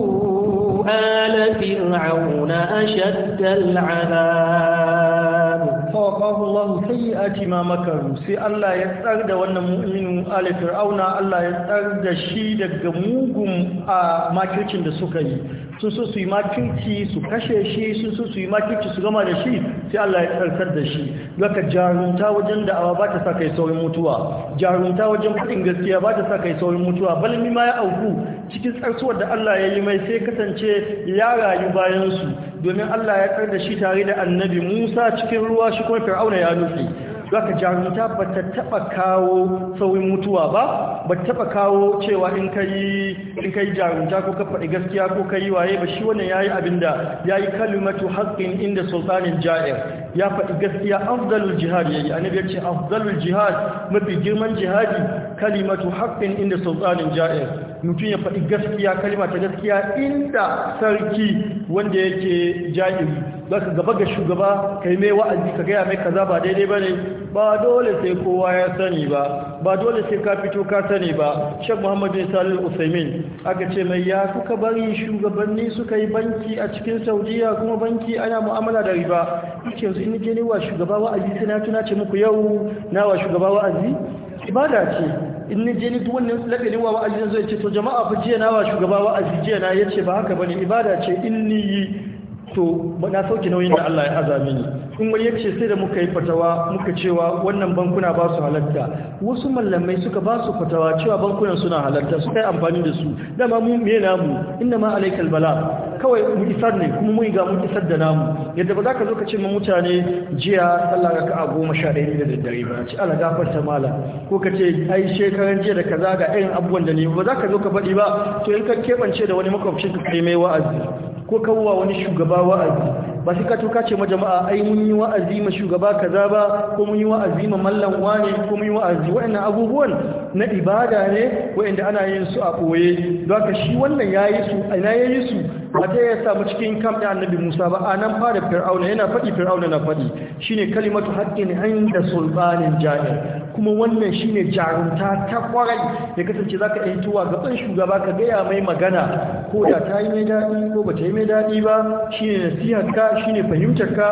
آل فرعون أشد العذاب fawaqahu Allah sayyi'ati ma makaru sai Allah ya tsar da wannan mu'minin ali fir'auna Allah ya tsar da shi daga mugun a makircin da suka yi sun so su yi makirci su kashe shi sun so su yi makirci su gama da shi sai Allah ya tsarkar da shi daga jarumta wajen da awa ba ta sa kai saurin mutuwa jarumta wajen faɗin gaskiya ba ta sa kai saurin mutuwa balmi ma ya auku cikin tsarsuwar da Allah ya yi mai sai kasance ya rayu bayan su domin Allah ya kar da shi tare da annabi Musa cikin ruwa shi kuma Fir'auna ya nufi ka jarumta ba ta taba kawo sauyin mutuwa ba ba ta taba kawo cewa in kai in kai jarumta ko ka faɗi gaskiya ko kai waye ba shi wannan yayi abinda yayi kalimatu haqqin inda sultanin ja'ir ya faɗi gaskiya afdalul jihad yayi annabi ya ce afdalul jihad mafi girman jihadi kalimatu haqqin inda sultanin ja'ir mutum ya faɗi gaskiya kalima ta gaskiya inda sarki wanda yake ja'iri za ka gaba ga shugaba kai mai wa'azi ka gaya mai kaza ba daidai ba ne ba dole sai kowa ya sani ba ba dole sai ka fito ka sani ba shek muhammadu bin salil usaimin aka ce mai ya suka bari shugabanni suka yi banki a cikin saudiya kuma banki ana mu'amala da riba ce yanzu in je ne wa shugaba wa'azi sai na tuna ce muku yau na wa shugaba wa'azi ibada ce in ni je ni duk wannan lakalin wa wa'azi zai ce to jama'a fa jiya na wa shugaba wa'azi jiya na yace ba haka bane ibada ce in ni to na sauke nauyin da Allah ya azami ni in wani yace sai da muka yi fatawa muka cewa wannan bankuna ba su halatta wasu mallamai suka ba su fatawa cewa bankunan suna halatta suka yi amfani da su dama mu me namu inna ma alaikal bala kawai mu isar ne kuma mun ga mun isar da namu yadda ba za ka zo ka ce ma mutane jiya ka raka'a goma sha ɗaya da daddare ba ci ala gafarta mala ko ka ce ai shekaran jiya da kaza ga irin abubuwan da ne ba za ka zo ka faɗi ba to in ka keɓance da wani makwabcin ka kai mai wa'azi ko kawwa wani shugaba wa'azi ba shi ka toka ce ma jama'a ai mun yi wa'azi ma shugaba kaza ba ko mun yi wa'azi ma mallan wani ko mun yi wa'azi wa'annan abubuwan na ibada ne wa'anda ana yin su a koye don ka shi wannan yayi su ina yayi su ba ta ya samu cikin kam annabi Musa ba a nan fara fir'auna yana faɗi fir'auna na faɗi shine kalimatu haqqin inda sultanin jahil kuma wannan shine jarumta ta kwarai ya kasance zaka yi tuwa ga ban shugaba ka gaya mai magana ko da ta yi mai daɗi ko ba ta yi mai daɗi ba shine nasihar ka shine fahimtar ka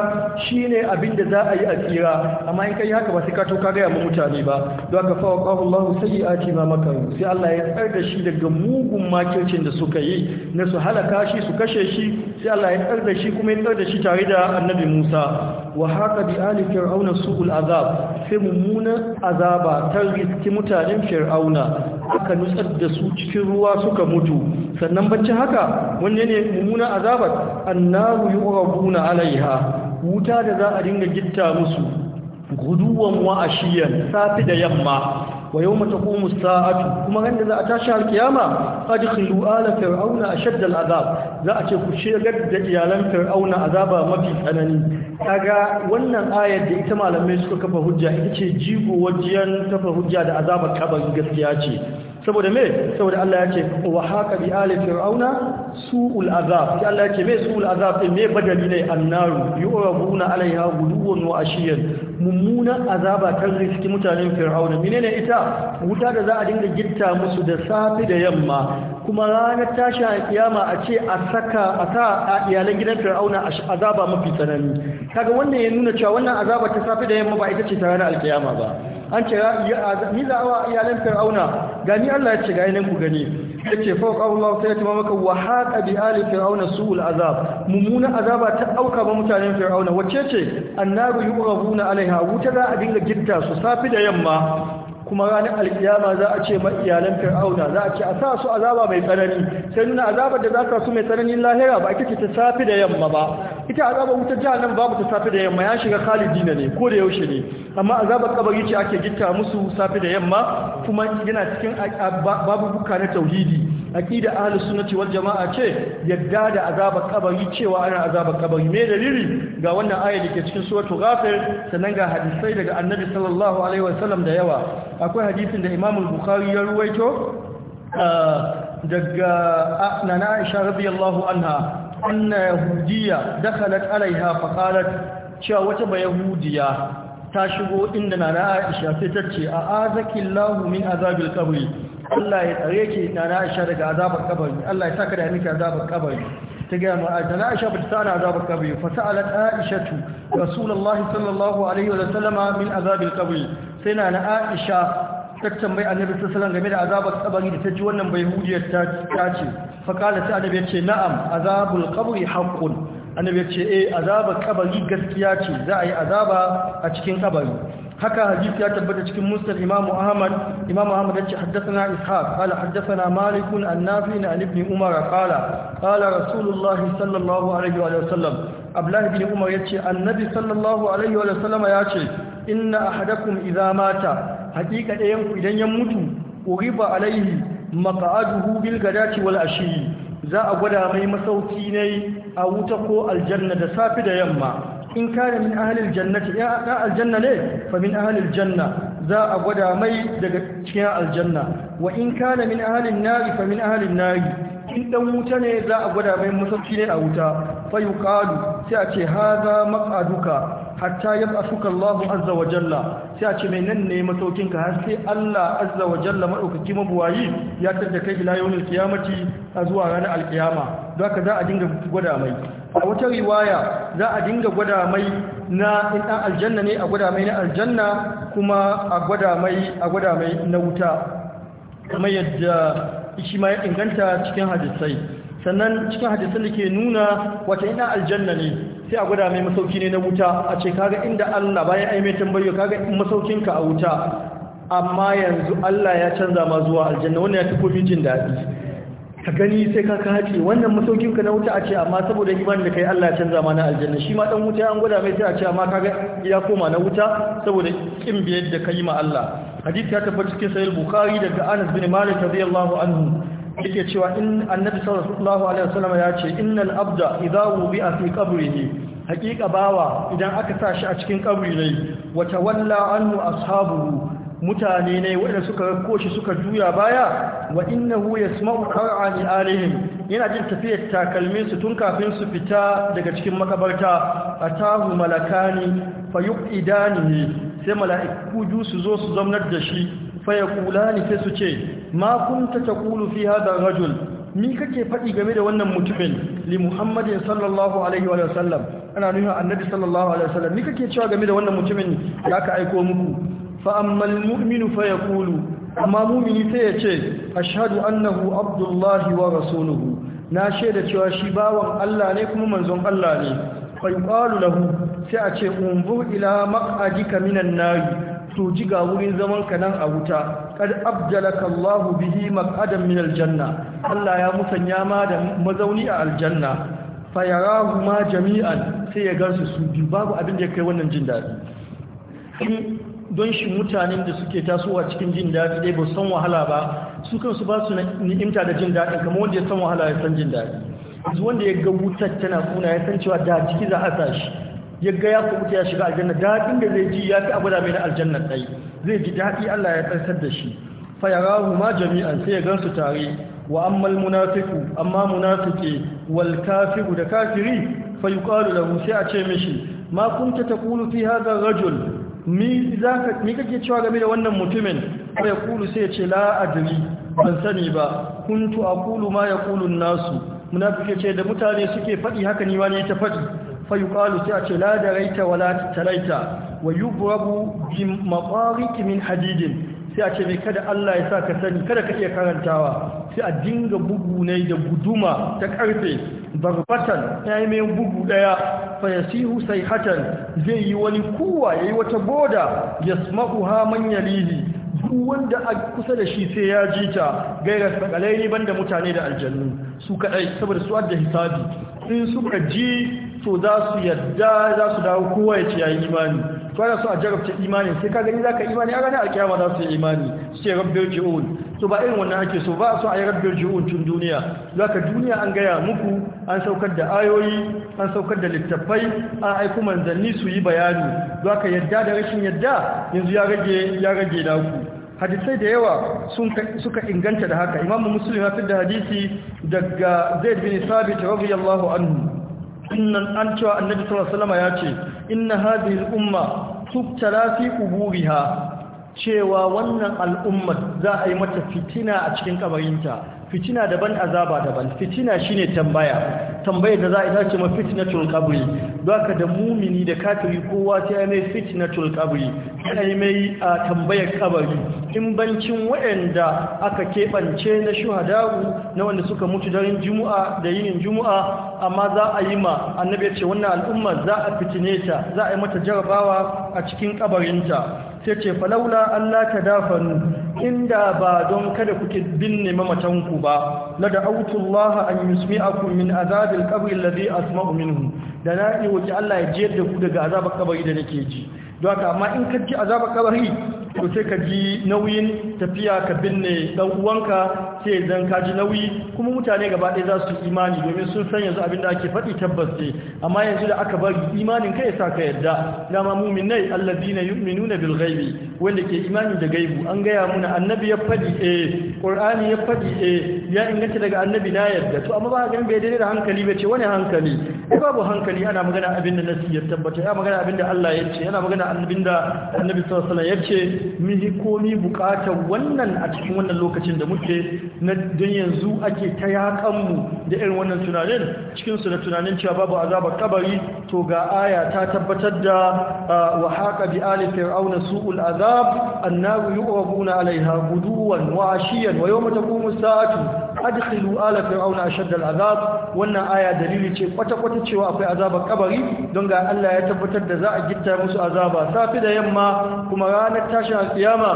shine abin da za a yi a tsira amma in kai haka ba sai ka to ka gaya ma mutane ba don haka fa waqahu Allahu sayyi'ati ma makaru sai Allah ya tsar da shi daga mugun makircin da suka yi na su halaka shi su su kashe shi sai Allah ya tsar da shi kuma ya tsar da shi tare da annabi Musa wa haka bi ali fir'auna su'ul azab sai mummunan azaba ta riski mutanen fir'auna aka nutsar da su cikin ruwa suka mutu sannan bacci haka wanne ne mummunan azabar annaru yu'rabuna alaiha wuta da za a dinga gitta musu guduwan wa ashiyan safi da yamma wa yau taqumu as-sa'atu kuma ran da za a tashi al-qiyama adkhilu ala fir'auna a al-azab za a ce ku shigar da iyalan fir'auna azaba mafi tsanani kaga wannan ayar da ita malamai suka kafa hujja ita ce jigo wajiyan kafa hujja da azabar kabari gaskiya ce saboda me saboda Allah ya ce wa haka bi ali fir'auna su'ul azab sai Allah ya ce me su'ul azab din me badali ne annaru yu'rabuna alaiha guduwan wa ashiyan mummunan azaba kan riski mutanen fir'auna menene ita wuta da za a dinga gitta musu da safi da yamma kuma ranar tashi a kiyama a ce a saka a sa a iyalan gidan fir'auna azaba mafi tsanani kaga wannan ya nuna cewa wannan azaba ta safi da yamma ba ita ce tare ranar alkiyama ba an ce ni za wa iyalan fir'auna gani Allah ya ce ga ku gani yace fa Allah sai ya tuma maka wa haqa bi ali fir'auna su'ul azab mumuna azaba ta auka ba mutanen fir'auna wacce ce annaru yughafuna alaiha wuta za a dinga gitta su safi da yamma kuma ranar alkiyama za a ce iyalan fir'auna za a ce a sa su azaba mai tsanani sai nuna azabar da za ka su mai tsananin lahira ba kike ta safi da yamma ba ita azabar wutar jahannam babu ta safi da yamma ya shiga na ne ko da yaushe ne amma azabar kabari ce ake gitta musu safi da yamma kuma yana cikin babu buka na tauhidi aqida ahli sunnati wal jamaa ce yadda da azabar kabari cewa ana azabar kabari me dalili ga wannan aya ke cikin suratul ghafir sannan ga hadisai daga annabi sallallahu alaihi wasallam da yawa akwai hadisin da imam al-bukhari ya ruwaito ah, daga ah, nana aisha radiyallahu anha anna Yahudiya, dakhalat alaiha fa qalat cewa wata bayahudiya ta shigo inda nana Aisha sai ta ce a azakillahu min azabil qabri Allah ya tsare ki nana Aisha daga azabar kabari Allah ya saka da miki azabar kabari ta ga mu nana Aisha bata san azabar kabari fa sa'alat Aisha Rasulullah sallallahu alaihi wa sallama min azabil qabri sai nana Aisha tattambai annabi sallallahu game da azabar kabari da ta ji wannan bai hujiyar ta ce faƙala ta annabi ya ce na'am azabul qabri haqqun annabi ya ce eh azabar kabari gaskiya ce za a yi azaba a cikin kabari haka hadisi ya tabbata cikin musnad imam ahmad imam ahmad ya ce haddathana ishaq qala haddathana malik an nafi an ibn umar qala qala rasulullahi sallallahu alaihi wa sallam abdullah ibn umar ya ce annabi sallallahu alaihi wa sallama ya ce inna ahadakum idza mata hakika ɗayan ku idan ya mutu uriba alaihi maq'aduhu bil gadati wal ashi za a gwada mai masauki ne a wuta ko aljanna da safi da yamma in kana min ahlil jannati ya da aljanna ne fa min ahlil janna za a gwada mai daga cikin aljanna wa in kana min ahlin nari fa min ahlin nari in dan wuta ne za a gwada mai masauki ne a wuta fa yuqalu sai a ce haza maq'aduka hatta yab'athuka Allahu azza wa jalla sai a ce mai nan ne masaukin ka har sai Allah azza wa jalla maɗaukaki mabuwayi ya tarda kai ila yawmil qiyamati a zuwa ranar alkiyama don haka za a dinga gwada mai a wata riwaya za a dinga gwada mai na in dan aljanna ne a gwada mai na aljanna kuma a gwada mai a gwada mai na wuta kamar yadda shi ma ya inganta cikin hadisai sannan cikin hadisan da ke nuna wata ina aljanna ne sai a gwada mai masauki ne na wuta a ce kaga inda Allah bayan ai mai tambayo kaga ka a wuta amma yanzu Allah ya canza ma zuwa aljanna wannan ya tafi jin daɗi ka gani sai ka kace wannan masaukinka na wuta a ce amma saboda imanin da kai Allah ya canza ma na aljanna shi ma dan wuta an gwada mai sai a ce amma kaga ya koma na wuta saboda kin biyar da kai ma Allah hadisi ya tabbata cikin sahih bukhari daga Anas bin Malik radiyallahu anhu yake cewa in annabi sallallahu alaihi wasallam ya ce innal abda idza wubi'a fi qabrihi haqiqa bawa idan aka sa shi a cikin kabri ne wa tawalla anhu ashabuhu mutane ne wanda suka rako shi suka juya baya wa innahu yasma'u qur'ani alaihim yana jin tafiyar takalmin su tun kafin su fita daga cikin makabarta atahu malakani fayuqidanihi sai mala'iku su zo su zamnar da shi fayakulani sai su ce ma kunta taqulu fi hadha rajul mi kake faɗi game da wannan mutumin li muhammadin sallallahu alaihi wa sallam ana nuna annabi sallallahu alaihi wa sallam mi kake cewa game da wannan mutumin da aka aiko muku fa ammal mu'minu fayaqulu amma mu'mini sai ya ce ashhadu annahu abdullahi wa rasuluhu na shaida cewa shi bawan Allah ne kuma manzon Allah ne fa yuqalu lahu sai a ce umbur ila maq'adika minan nar to ji ga wurin zaman ka nan a wuta kad abjalaka Allahu bihi maqadan min aljanna Allah ya musanya ma da mazauni a aljanna fa ma jami'an sai ya gansu su biyu babu abin da ya kai wannan jin dadi don shi mutanen da suke tasowa cikin jin daɗi dai ba san wahala ba su kansu ba su ni'imta da jin daɗin kamar wanda ya san wahala ya san jin daɗi wanda ya ga wutar tana kuna ya san cewa da ciki za a sa shi ya ga ya kubuta ya shiga aljanna daɗin da zai ji ya fi abu da mai na aljanna tsaye zai ji daɗi Allah ya tsarsar da shi fa yarahu ma jami'an sai ya gansu tare wa ammal munafiku. amma munafike wal kafiru da kafiri fa yuqalu da sai a ce mishi ma kunta taqulu fi hadha rajul mi zaka mi kake cewa game da wannan mutumin ya kulu sai ya ce la adri ban sani ba kuntu aqulu ma yaqulu nasu Munafike ce da mutane suke faɗi haka ni wani ta faɗi fayuƙalu sai a ce ladaraita wa latitalaita wa yi burabu bi maƙwariki hadidin sai a ce mai kada Allah ya sa ka sani kada ka iya karantawa sai a dinga bugu ne da guduma ta karfe barbatan ya yi mai bugu ɗaya fayasihu sai hatan zai yi wani kuwa ya yi wata boda ya smaku ha manya lili wanda a kusa da shi sai ya ji ta gaira sakalai ban da mutane da aljannu su kaɗai saboda su adda hisabi in suka ji to za su yadda za su dawo kowa ya ce ya yi imani to ana so a jarabta imani sai ka gani za ka imani a ranar alkiyama za su yi imani su ce rabbiyar ji'un to ba irin wannan ake so ba a so a yi rabbiyar ji'un tun duniya za ka duniya an gaya muku an saukar da ayoyi an saukar da littattafai an aiku manzanni su yi bayani za ka yadda da rashin yadda yanzu ya rage ya rage naku hadisai da yawa suka inganta da haka imamu muslim ya fi da hadisi daga zaid bin sabit radiyallahu anhu dinnan an cewa annabi sallallahu alaihi wasallam ya ce inna hadhihi al-umma tubtala fi quburiha cewa wannan al'ummar za a yi mata fitina a cikin kabarinta fitina daban azaba daban fitina shine tambaya tambayar da za a ita ce ma fitnatul qabri doka da mumini da kafiri kowa sai ya mai fitnatul qabri yana yi mai tambayar kabari in bancin waɗanda aka keɓance na shuhadaru na wanda suka mutu daren juma'a da yin jumu'a amma za a yi ma annabi ya ce wannan al'umma za a fitine ta za a yi mata jarabawa a cikin kabarinta sai ce falaula Allah ta dafanu inda ba don kada kuke binne mamatanku ba la da'awtullah an yusmi'akum min azabil qabri alladhi asma'u minhu da na'i wuce Allah ya jiyar da ku daga azabar kabari da nake ji don haka amma in ka ji azabar kabari to sai ka ji nauyin tafiya ka binne dan uwanka sai zan ka ji nauyi kuma mutane gaba ɗaya za su imani domin sun san yanzu abin da ake faɗi tabbas ne amma yanzu da aka bari imanin kai sa ka yadda dama mu'minai allazina yu'minuna bil ghaibi wanda ke imani da gaibu an gaya muna annabi ya faɗi eh qur'ani ya faɗi eh ya inganta daga annabi na yadda to amma ba ga bai daidai da hankali bai ce wani hankali ko babu hankali ana magana abin da nasi ya tabbata ya magana abin da Allah ya ce yana magana abin da annabi sallallahu alaihi wasallam ya ce yi komi bukatar wannan a cikin wannan lokacin da muke na don yanzu ake ta yakanmu da irin wannan tunanin cikinsu da tunanin cewa babu azabar kabari to ga aya ta tabbatar da wa haka bi ali fir'auna su'ul azab annahu yu'rabuna alaiha guduwan wa ashiyan wa yawma taqumu sa'atu adkhilu ala fir'auna ashadda al'azab wannan aya dalili ce kwata kwata cewa akwai azabar kabari don ga Allah ya tabbatar da za a gitta musu azaba safi da yamma kuma ranar tashin alkiyama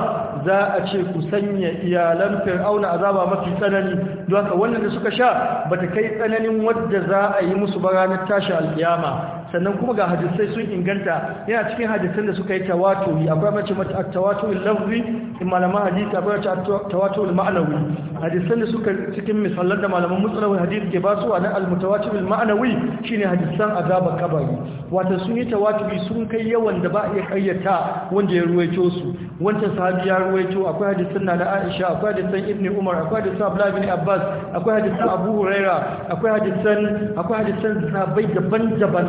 za a ce ku sanya iyalan fir'auna azaba mafi tsanani don haka wannan da suka sha bata kai tsananin wanda za a yi musu ba ranar tashin alkiyama sannan kuma ga hadisai sun inganta yana cikin hadisan da suka yi tawaturi akwai mace tawaturul lafzi in malaman hadisi akwai mace tawaturul ma'anawi hadisan da suka cikin misalan da malaman musulmi hadisi ke basu wa na almutawatirul ma'anawi shine hadisan azaba kabari wato sun yi tawaturi sun kai yawan da ba a iya kayyata wanda ya ruwaito su wancan sahabi ya ruwaito akwai hadisan na da Aisha akwai hadisan Ibn Umar akwai hadisan Abdullahi ibn Abbas akwai hadisan Abu Huraira akwai hadisan akwai hadisan sahabbai daban-daban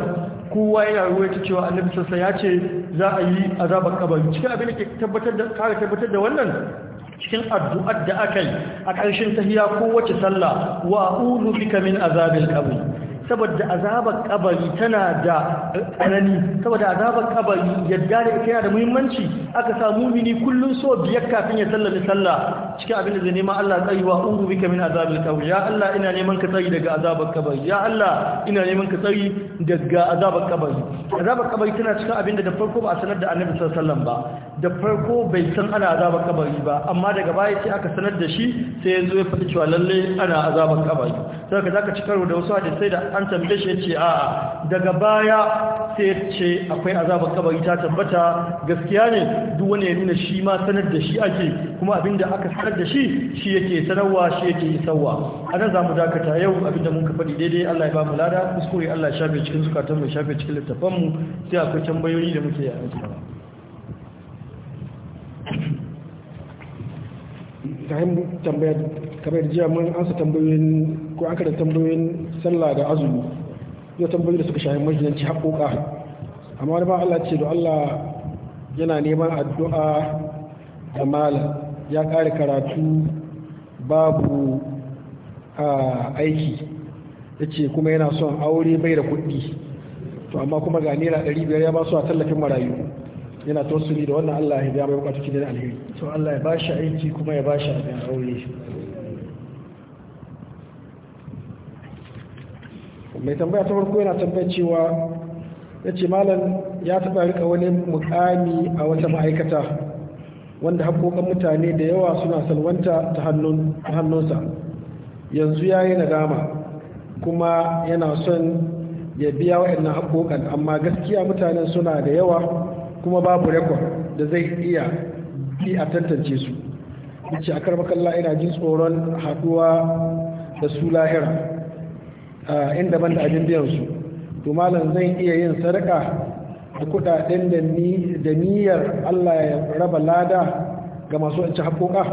kowa yana ruwaita cewa annabi sassa ya ce za a yi azabar kabari cikin abin da ke tabbatar da kare tabbatar da wannan cikin addu'ar da aka yi a ƙarshen tahiya ko wacce sallah wa a'udhu bika min azabin qabr saboda azabar kabari tana da tsanani saboda azabar kabari yadda da ita yana da muhimmanci aka sa mumini kullun so biyar kafin ya sallame sallah cikin abin da zai nema Allah wa ungu bika min azabil qabr ya Allah ina neman ka tsayi daga azabar kabari ya Allah ina neman ka tsayi daga azabar kabari azabar kabari tana cikin abin da da farko ba a sanar da Annabi sallallahu alaihi wasallam ba da farko bai san ana azabar kabari ba amma daga baya sai aka sanar da shi sai yanzu ya faɗi cewa lalle ana azabar kabari saboda zaka ci da wasu hadisai da an tambaye shi ce a daga baya sai ce akwai azabar kabari ta tambata gaskiya ne duk wani ya nuna shi ma sanar da shi ake kuma abinda aka sanar da shi shi yake sanarwa shi yake isarwa a nan za mu dakata yau abinda mun ka faɗi daidai Allah ya ba mu lada kuskure Allah ya shafe cikin zukatan mu shafe cikin littafan mu sai akwai tambayoyi da muke yi a ta tambaya kamar jiya mun ansa tambayoyin ko an karanta tambayoyin sallah da azumi ya tambayoyi da suka shahi majinanci haƙoƙa amma wani ba Allah ce da Allah yana neman addu'a da malam ya ƙare karatu babu aiki ya ce kuma yana son aure bai da kuɗi to amma kuma ga nera ɗari biyar ya ba su a tallafin marayu yana tosiri da wannan Allah ya biya mai bukatu cikin alheri to Allah ya ba shi aiki kuma ya ba shi a aure mai tambaya ta farko yana tambaya cewa ya ce malam ya taba rika wani mukami a wata ma'aikata wanda haƙoƙan mutane da yawa suna salwanta ta hannunsa yanzu ya yi nadama kuma yana son ya biya waɗannan haƙoƙan amma gaskiya mutanen suna da yawa kuma babu rekod da zai iya bi a tantance su ya ce a karmakalla ina jin tsoron haɗuwa da su lahira inda ban da abin biyan su to malam zan iya yin sadaka da kudaden da ni da niyyar Allah ya raba lada ga masu in ci haƙoƙa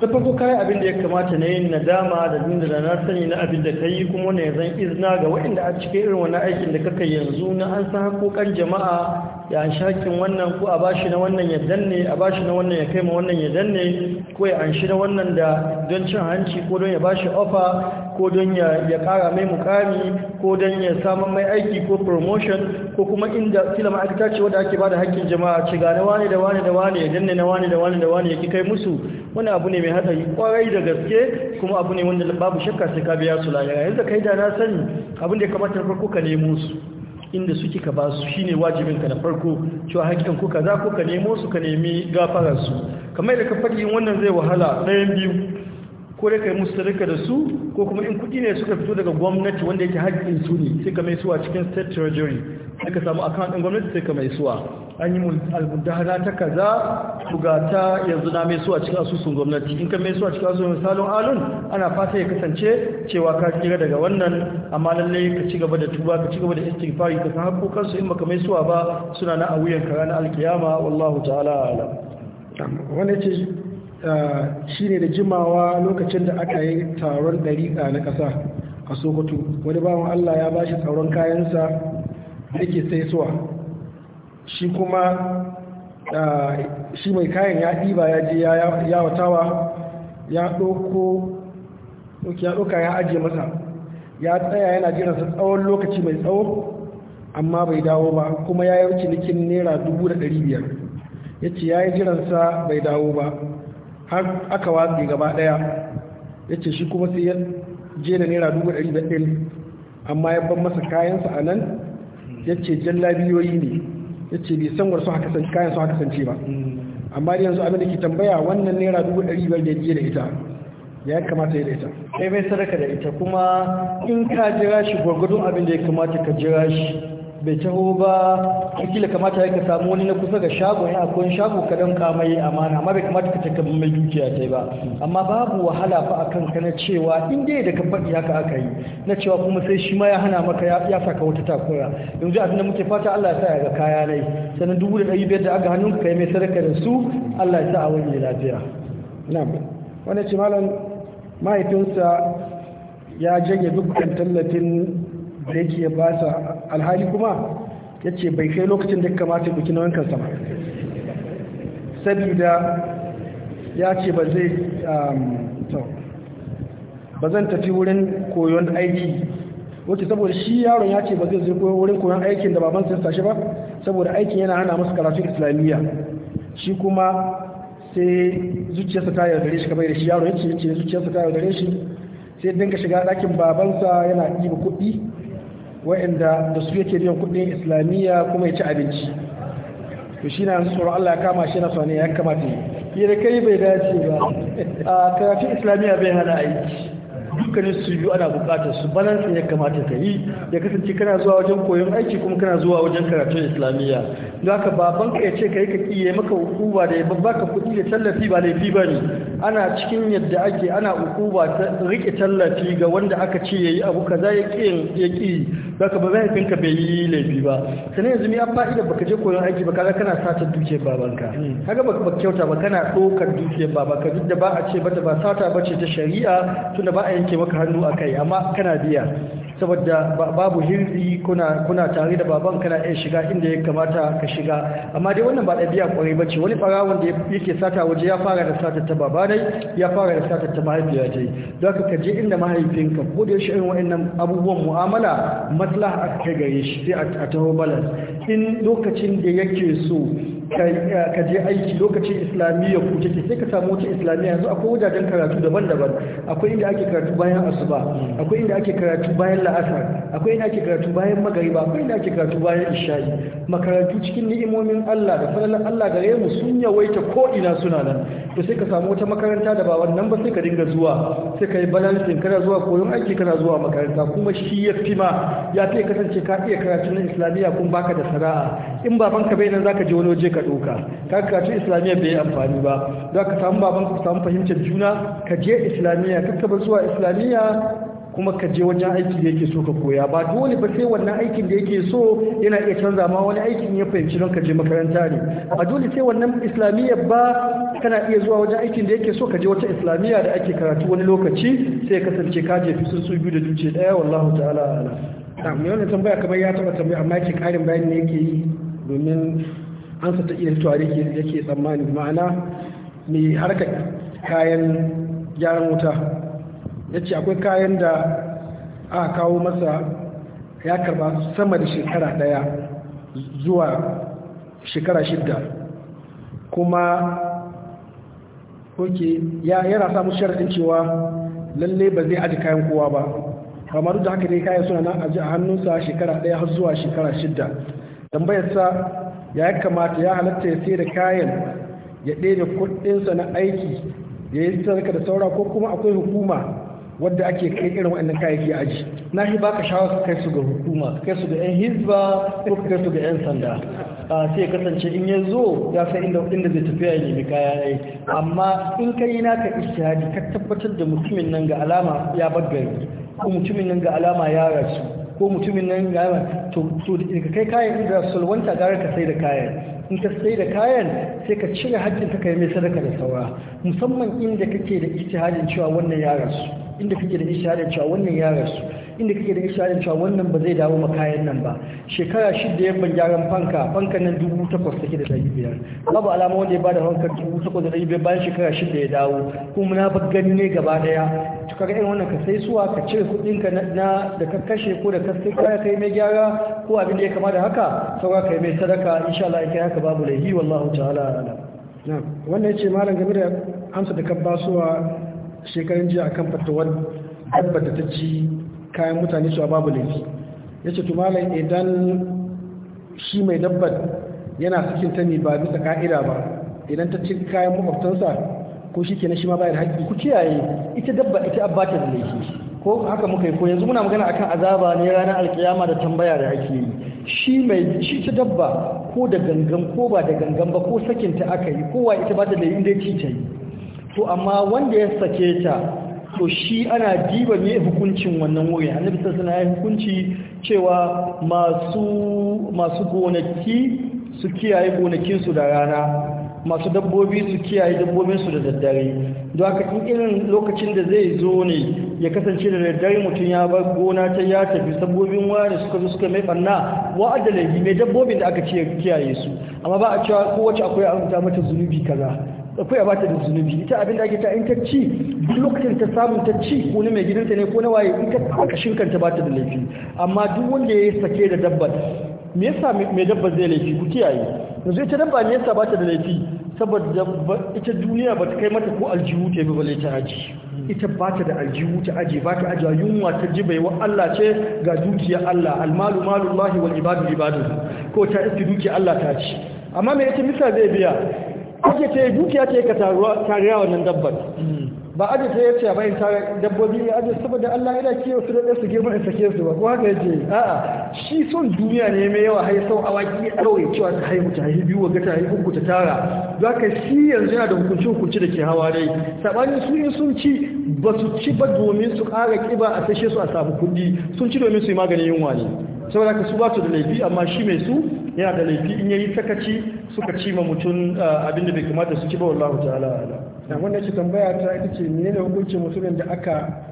da farko kai abin da ya kamata na yin nadama da din da na sani na abin da kai kuma ne zan izna ga waɗanda a cikin irin wannan aikin da kake yanzu na an san haƙoƙan jama'a ya an shakin wannan ko a bashi na wannan ya danne a bashi na wannan ya kai ma wannan ya danne ko ya an shi na wannan da don cin hanci ko don ya bashi ofa ko don ya kara mai mukami ko don ya samun mai aiki ko promotion ko kuma inda kila ma'aikata ce wanda ake bada hakkin jama'a ci gane wani da wani da wani ya danne na wani da wani da wani ya ki kai musu wani abu ne mai hatsari kwarai da gaske kuma abu ne wanda babu shakka sai ka biya su lahira yanzu kai da na sani abin da ya kamata farko ka nemo su inda suke ka ba su shine wajibin ka na farko cewa hakikan ku kaza ko ka nemo su ka nemi gafarar su kamar da ka faɗi wannan zai wahala ɗayan biyu ko da kai musu da su ko kuma in kudi ne suka fito daga gwamnati wanda yake hakkin su ne sai ka mai su a cikin state treasury sai ka samu akan ɗin gwamnati sai ka mai suwa an yi almudahara ta kaza bugata yanzu na mai suwa cikin asusun gwamnati in ka mai suwa cikin asusun salon alun ana fata ya kasance cewa ka kira daga wannan amma lallai ka ci gaba da tuba ka ci gaba da istighfari ka san hakokan su in baka mai suwa ba suna na a wuyan ka ranar alkiyama wallahu ta'ala ala wani ce ah, shi ne da jimawa lokacin da aka yi taron dariƙa na ƙasa a sokoto wani bawan allah ya ba shi tsaron kayansa yake sai suwa shi kuma shi mai kayan ya ɗiba ya je ya watawa ya ya ɗauka ya ajiye masa ya tsaya yana jiransa tsawon lokaci mai tsawo amma bai dawo ba kuma ya yi cinikin naira biyar. ya ce ya yi jiransa bai dawo ba har aka watsi gaba ɗaya ya ce shi kuma sai ya je da naira biyar amma ya ban masa kayansa a nan yace jallabiyoyi ne yace bai san warsu haka san kayan su haka san ba amma yanzu abin da ke tambaya wannan naira dubu ɗari biyar da yake da ita ya kamata ya da ita kai mai sadaka da ita kuma in ka jira shi gwargwadon abin da ya kamata ka jira shi bai taho ba kila kamata ya ka samu wani na kusa ga shago ya akwai shago ka dan kamai amana amma bai kamata ka cika mai dukiya tai ba amma babu wahala fa akan ka na cewa in dai da ka faɗi haka aka yi na cewa kuma sai shi ma ya hana maka ya saka wata takura yanzu a da muke fata Allah ya sa ya ga kaya nai sannan dubu da ɗari biyar da aka hannun ka yi mai sadaka da su Allah ya sa a wani lafiya na'am wani ce malam mahaifinsa ya janye dukkan tallafin da yake ya sa alhali kuma ya ce bai kai lokacin da ya kamata ku kina wankan sama saboda ya ce ba zai um, ba zan tafi wurin koyon aiki wacce saboda shi yaron ya ce ba zai zai wurin koyon aikin da babansa ya tashi ba saboda aikin yana hana masu karatu islamiyya shi kuma sai zuciyarsa ta yaudare shi kamar da shi yaron ya ce zuciyarsa ta yaudare shi sai dinga shiga ɗakin babansa yana ɗiba kuɗi wa'inda da su yake biyan kudin islamiyya kuma ya ci abinci to shi na tsoron Allah ya kama shi na sani ya kamata yi da kai bai dace ba a karatun islamiyya bai hana aiki dukkanin su biyu ana bukatar su balansin ya kamata ka yi ya kasance kana zuwa wajen koyon aiki kuma kana zuwa wajen karatun islamiyya da aka baban ka ya ce ka yi ka kiye maka hukuma da ya baka kudi da tallafi ba laifi ba ne ana cikin yadda ake ana hukuma ta rike tallafi ga wanda aka ce ya yi abu kaza ya ƙi ya ƙi za ka ba ka bai yi laifi ba sannan yanzu an fa'ida baka je koyon aiki ba kaza kana sata dukiyar babanka kaga baka kyauta ba kana ɗaukar dukiyar babanka duk da ba a ce bata ba sata ba ce ta shari'a tunda ba a yanke ake maka hannu a kai amma kana biya saboda babu hirri kuna tare da baban kana iya shiga inda ya kamata ka shiga amma dai wannan ba ɗabi'a kwarai bace wani barawon da yake sata waje ya fara da sata ta babanai ya fara da sata ta mahaifiya dai don ka je inda mahaifinka ko da yaushe irin wa'annan abubuwan mu'amala maslaha aka kai gare shi sai a taho balance in lokacin da yake so ka je aiki lokacin islamiyya ku take sai ka samu wata islamiyya yanzu akwai wajajen karatu daban-daban akwai inda ake karatu bayan asuba akwai inda ake karatu bayan la'asar akwai inda ake karatu bayan magariba akwai inda ake karatu bayan isha'i makarantu cikin ni'imomin Allah da falalan Allah gare mu sun yawaita ko ina suna nan to sai ka samu wata makaranta da ba wannan ba sai ka dinga zuwa sai ka yi balancing kana zuwa koyon aiki kana zuwa makaranta kuma shi ya fi ma ya fi kasance ka iya karatu na islamiyya kun baka da sana'a in babanka bai nan zaka je wani waje ka ka ɗauka ka karatu islamiyya bai amfani ba za ka samu baban ka samu fahimtar juna ka je islamiyya ka taba zuwa islamiyya kuma ka je wajen aiki da yake so ka koya ba dole ba sai wannan aikin da yake so yana iya canza ma wani aikin ya fahimci don ka je makaranta ne a dole sai wannan islamiyya ba kana iya zuwa wajen aikin da yake so ka je wata islamiyya da ake karatu wani lokaci sai ka kasance ka je fisun su biyu da duce daya wallahu ta'ala ala na mai wannan tambaya kamar ya taba tambaya amma yake karin bayani ne yake yi domin an sa ta iya fitowa yake tsammani ma'ana mai harka kayan gyaran wuta ya ce akwai kayan da aka kawo masa ya karba sama da shekara daya zuwa shekara shidda kuma koke yana samun sharaɗin cewa lalle ba zai aji kayan kowa ba kamar da haka dai kayan suna nan aji a hannunsa shekara daya har zuwa shekara shidda tambayarsa ya kamata ya halatta ya sai da kayan ya ɗebe kuɗinsa na aiki ya yi sarka da saura ko kuma akwai hukuma wadda ake kai irin waɗannan kayayyaki aji na shi baka shawar ka kai su ga hukuma ka kai su ga yan hizba ko kai su ga yan sanda sai kasance in ya zo ya san inda inda zai tafiya ya nemi kaya ne amma in kai na naka ishtihadi ka tabbatar da mutumin nan ga alama ya bar ko mutumin nan ga alama ya rasu ko mutumin nan gama to daga kai kayan inda sulwanta gara ka sai da kayan in ka sai da kayan sai ka cire hajjin ka kai mai sadaka da saura musamman inda kake da ijtihadin cewa wannan ya rasu inda kake da ijtihadin cewa wannan ya rasu inda kake da da cewa wannan ba zai dawo makayan nan ba shekara shidda ya ban gyaran fanka fankan nan dubu takwas take da ɗari biyar babu alama wanda ya bada fankan dubu takwas da ɗari biyar bayan shekara shidda ya dawo kuma na ba gani ne gaba ɗaya ka ga irin wannan ka sai suwa ka cire kuɗinka na da ka kashe ko da ka sai kaya kai mai gyara ko abin da ya kama da haka ka kai mai sadaka insha Allah in kai haka babu laifi wallahi ta'ala na wannan yace malam game da amsa da ka basuwa shekarun jiya akan fatawar dabbar da ta ci kayan mutane su babu laifi ya ce tumalai idan shi mai dabbar yana cikin tani ne ba bisa ka'ida ba idan ta ci kayan makwabtansa ko shi kenan shi ma bayar haƙƙi ku kiyaye ita dabba ita abba ta da laifi ko haka muka yi ko yanzu muna magana akan azaba ne ranar alkiyama da tambaya da ake yi shi mai shi ta dabba ko da gangan ko ba da gangan ba ko sakinta aka yi kowa ita ba ta da inda ci ta yi to amma wanda ya sake ta to shi ana diba ne hukuncin wannan wuri annabi sassana ya hukunci cewa masu gonaki su kiyaye gonakinsu da rana masu dabbobi su kiyaye dabbobinsu da daddare don haka in irin lokacin da zai zo ne ya kasance da daddare mutum ya bar gona ta ya tafi dabbobin wani suka zo suka mai banna wa adalai mai dabbobin da aka ce kiyaye su amma ba a cewa kowace akwai an mata zunubi kaza akwai a bata da zunubi ita abin da ake ta in ta ci duk lokacin ta samu ta ci ko na mai gidanta ne ko na waye in ta kashin kanta ta bata da laifi amma duk wanda ya sake da dabbar me yasa mai dabbar zai laifi ku kiyaye yanzu ita dabba ne yasa bata da laifi saboda ita duniya bata kai mata ko aljihu ta yi balle ta haji ita bata da aljihu ta aji ba ta aji yunwa ta ji wa Allah ce ga dukiya Allah almalu malullahi wal ibadu ibadu ko ta iske dukiya Allah ta ci amma me ita misa zai biya ake ce dukiya ce ka taruwa wannan dabbar mm. ba aje ta yace a bayan tare dabbobi ne aje saboda Allah yana kiyo su da su girma in sake su ba ko haka yace a'a shi son duniya ne mai yawa hai son awaki a dauye cewa ta hai mutu hai biyu ga ta hai uku ta tara zaka shi yanzu yana da hukunci hukunci da ke hawa dai sabani su yi sun ci ba su ci ba domin su ƙara ƙiba a tashe su a samu kuɗi sun ci domin su yi maganin yunwa ne saboda ka su ba su da laifi amma shi mai su yana da laifi in yayi sakaci suka ci ma mutum uh, abin da bai kamata su ci ba wallahu ta'ala ala da wannan tambaya ta ita ce menene hukuncin mutumin da aka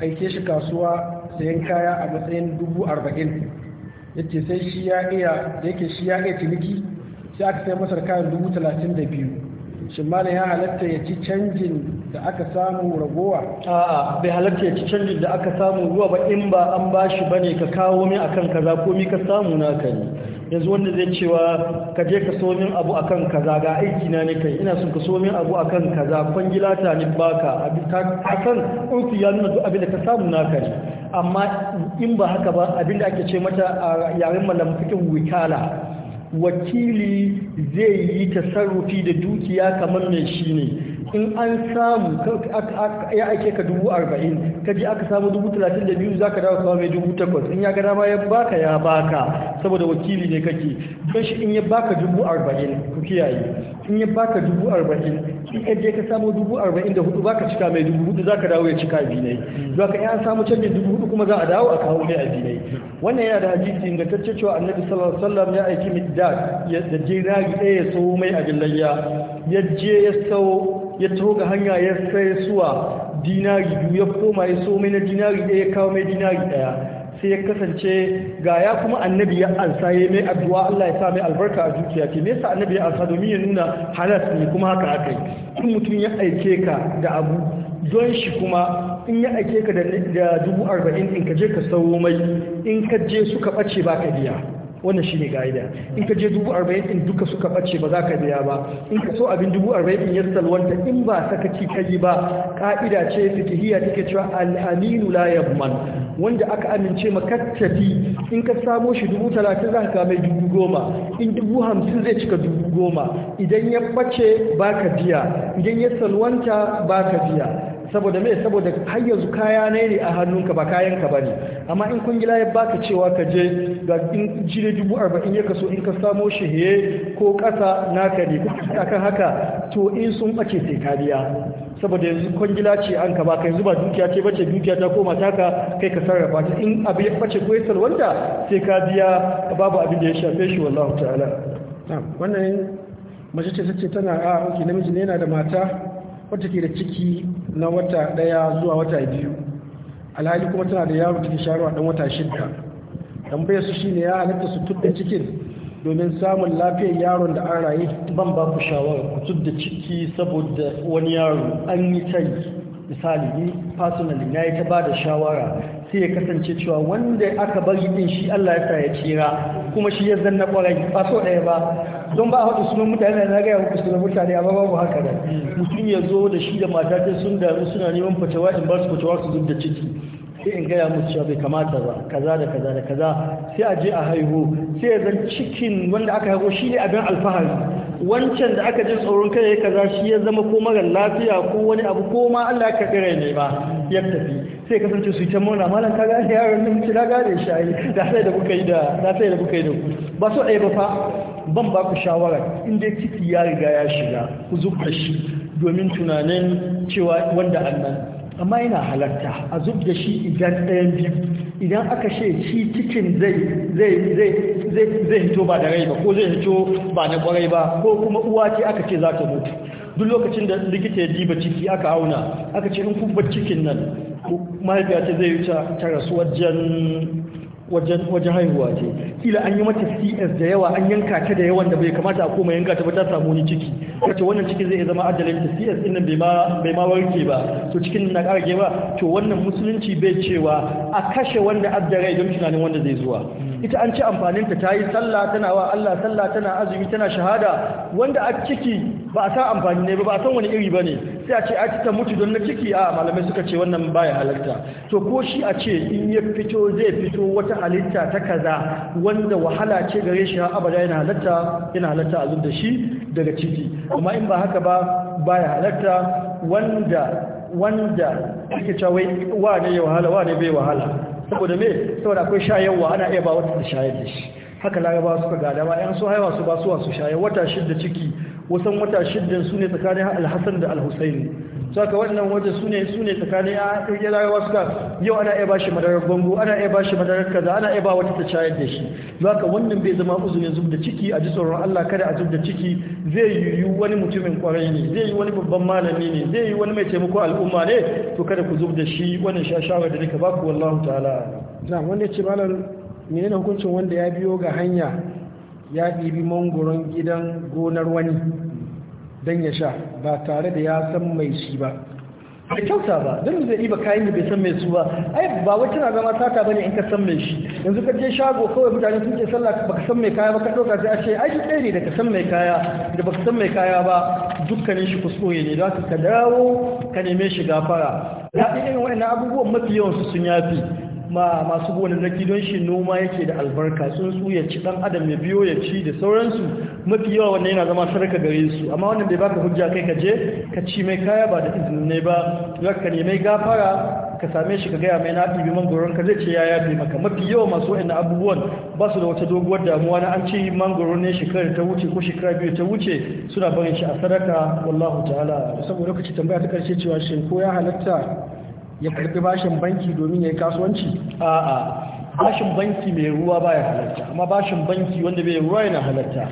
aike shi kasuwa sayan kaya a matsayin dubu arba'in yace sai shi ya iya da yake shi ya iya ciniki sai aka sai masa kayan dubu talatin da biyu shin malam ya halatta ya ci canjin da aka samu ragowa a'a bai halarta ya ci canjin da aka samu zuwa ba in ba an bashi bane ka kawo min akan kaza ko mi ka samu na ne yanzu wanda zai cewa ka je ka so min abu akan kaza ga aiki na ne kai ina son ka so min abu akan kaza kwangila ta ni baka akan ofi ya nuna duk abin ka samu na ne amma in ba haka ba abinda ake ce mata a yaren malam fikin wikala wakili zai yi tasarrufi da dukiya kamar mai shi ne in an samu ya aike ka dubu arba'in ka ji aka samu dubu talatin da biyu za ka dawo kawo mai dubu takwas in ya gada ma ya baka ya baka saboda wakili ne kake don shi in ya baka dubu arba'in ku kiyaye in ya baka dubu arba'in in yadda ka samu dubu arba'in da hudu ka cika mai dubu hudu za ka dawo ya cika abinai za ka yan samu canjin dubu hudu kuma za a dawo a kawo mai abinai wannan yana da hadisi ingantacce cewa annabi sallallahu alaihi wasallam ya aiki middad da jiragi ɗaya ya sau mai abin layya ya je ya sau ya taho ga hanya ya sai suwa dinari biyu ya koma ya so mai na dinari ɗaya ya kawo mai dinari ɗaya sai ya kasance ga ya kuma annabi ya ansa ya mai addu'a Allah ya sa mai albarka a zuciya ke nesa annabi ya ansa domin ya nuna halas ne kuma haka aka yi in mutum ya aike ka da abu don shi kuma in ya aike ka da dubu arba'in in ka je ka sauro mai in ka je suka ɓace ba ka biya wannan shine ga'ida in ka je dubu arba'in din duka suka bace ba za ka biya ba in ka so abin dubu arba'in din ya salwanta in ba sakaci ka yi ba ka'ida ce fikihiyya take cewa al'aminu la yabman wanda aka amince ma kattafi in ka samo shi dubu talatin za ka mai dubu goma in dubu hamsin zai cika dubu goma idan ya bace ba ka biya idan ya salwanta ba ka biya saboda me saboda har yanzu kaya ne ne a hannunka ba kayan ka bane amma in kungila ya baka cewa ka je ga in jire dubu arba'in ya kaso in ka samo shi he ko ƙasa naka ne akan haka to in sun ɓace sai kariya saboda yanzu gila ce an ka baka yanzu ba dukiya ce bace dukiya ta koma taka kai ka sarrafa ta in abu ya bace ko ya wanda sai ka biya babu abin da ya shafe shi wallahu ta'ala wannan mace ce sace tana a ah, oke namiji ne yana da mata wacce ke da ciki na wata ɗaya zuwa wata biyu alhali kuma tana da yaro cikin sharuwa ɗan wata shidda tambayar su shine ya halatta su tudda cikin domin samun lafiyar yaron da an raye ban ba ku shawara ku tudda ciki saboda wani yaro an yi ta misali ni personally na yi ta ba da shawara sai ya kasance cewa wanda aka bari din shi Allah ya sa ya tsira kuma shi ya zanna kwarai ba so ɗaya ba don ba a haɗu sunan mutane da na gaya muku sunan mutane amma babu haka da mutum ya zo da shi da mata sun damu suna neman fatawa in ba su fatawa su duk da ciki sai in gaya musu cewa bai kamata ba kaza da kaza da kaza sai a je a haihu sai ya zan cikin wanda aka haihu shi ne abin alfahari wancan da aka ji tsoron kai ya kaza shi ya zama ko mara lafiya ko wani abu ko ma Allah ya karɓi ne ba ya tafi sai kasance su can mona malam ka gane yaron nan ci na gane shi ai da sai da kuka yi da da sai da kuka yi da ku ba so ai ba fa ban ba ku shawara in dai ciki ya riga ya shiga ku zubda shi domin tunanin cewa wanda annan amma yana halarta a zub da shi idan ɗayan biyu idan aka ce shi cikin zai zai zai zai zai hito ba da rai ba ko zai hito ba na kwarai ba ko kuma uwa ce aka ce za ta mutu duk lokacin da likita ya diba ciki aka auna aka ce in kun bar cikin nan mahaifiya ce zai wuce ta rasu wajen haihuwa ce kila an yi mata cs da yawa an yanka ta da yawan da bai kamata a koma yanka ta ba ta samu wani ciki kace wannan cikin zai zama ajalin ta cs din nan bai ma warke ba to cikin na karge ba to wannan musulunci bai cewa a kashe wanda adda rai don tunanin wanda zai zuwa ita an ci amfaninta ta yi sallah tana wa Allah sallah tana azumi tana shahada wanda a ciki ba a san amfani ne ba ba a san wani iri bane ne sai a ce a ta mutu don na ciki a malamai suka ce wannan baya halarta to ko shi a ce in ya fito zai fito wata halitta ta kaza wanda wahala ce gare shi a abada yana halarta yana halarta a da shi daga ciki amma in ba haka ba baya halarta wanda wanda ake cewa wa ne ya wahala wa ne bai wahala saboda me saboda akwai shayarwa ana iya ba wata da shayar da shi haka larabawa suka gada ma yan su haihuwa su ba su wasu shayar wata shidda ciki wasan wata shidda su ne tsakanin alhassan da alhussaini saka wannan waje su ne su ne tsakanin a zai wasu ka yau ana iya bashi madarar bango ana iya bashi madarar kaza ana iya ba wata ta shayar da shi za ka wannan bai zama uzurin zub da ciki a ji tsoron Allah kada a zub da ciki zai yiwu wani mutumin kwarai ne zai yi wani babban malami ne zai yi wani mai taimako al'umma ne to kada ku zub da shi wannan shashawar da nika baku wallahu ta'ala na wanda ce malam menene hukuncin wanda ya biyo ga hanya ya ɗibi mangoron gidan gonar wani don ya sha ba tare da ya san mai shi ba da kyauta ba don zai ba kayan da bai san mai su ba ai ba wacce na zama sata bane in ka san mai shi yanzu ka je shago kawai mutane sun ke sallah ba ka san mai kaya ba ka ɗauka sai a ce ai kai ne da ka san mai kaya da ba ka san mai kaya ba dukkanin shi kuskure ne za ka dawo ka neme shi gafara ya irin waɗannan abubuwan mafi yawan su sun yafi ma masu gonannaki don shi noma yake da albarka tsuntsu ya ci dan adam ya biyo ya ci da sauransu mafi yawa wannan yana zama sarka gare su amma wannan bai baka hujja kai ka je ka ci mai kaya ba da izinin ne ba zaka nemi gafara ka same shi ka gaya mai na ɗibi mangoron ka zai ce ya yafe maka mafi yawa masu wa'in abubuwan ba su da wata doguwar damuwa na an ci mangoron ne shekarar ta wuce ko shekara biyu ta wuce suna barin shi a sadaka wallahu ta'ala saboda lokaci tambaya ta ƙarshe cewa shin ko ya halatta ya karbi bashin banki domin ya yi kasuwanci a'a bashin banki mai ruwa baya halarta, amma bashin banki wanda bai ruwa yana halarta.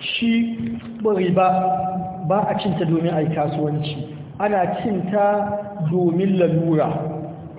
shi bari ba a cinta domin a yi kasuwanci ana cinta domin lalura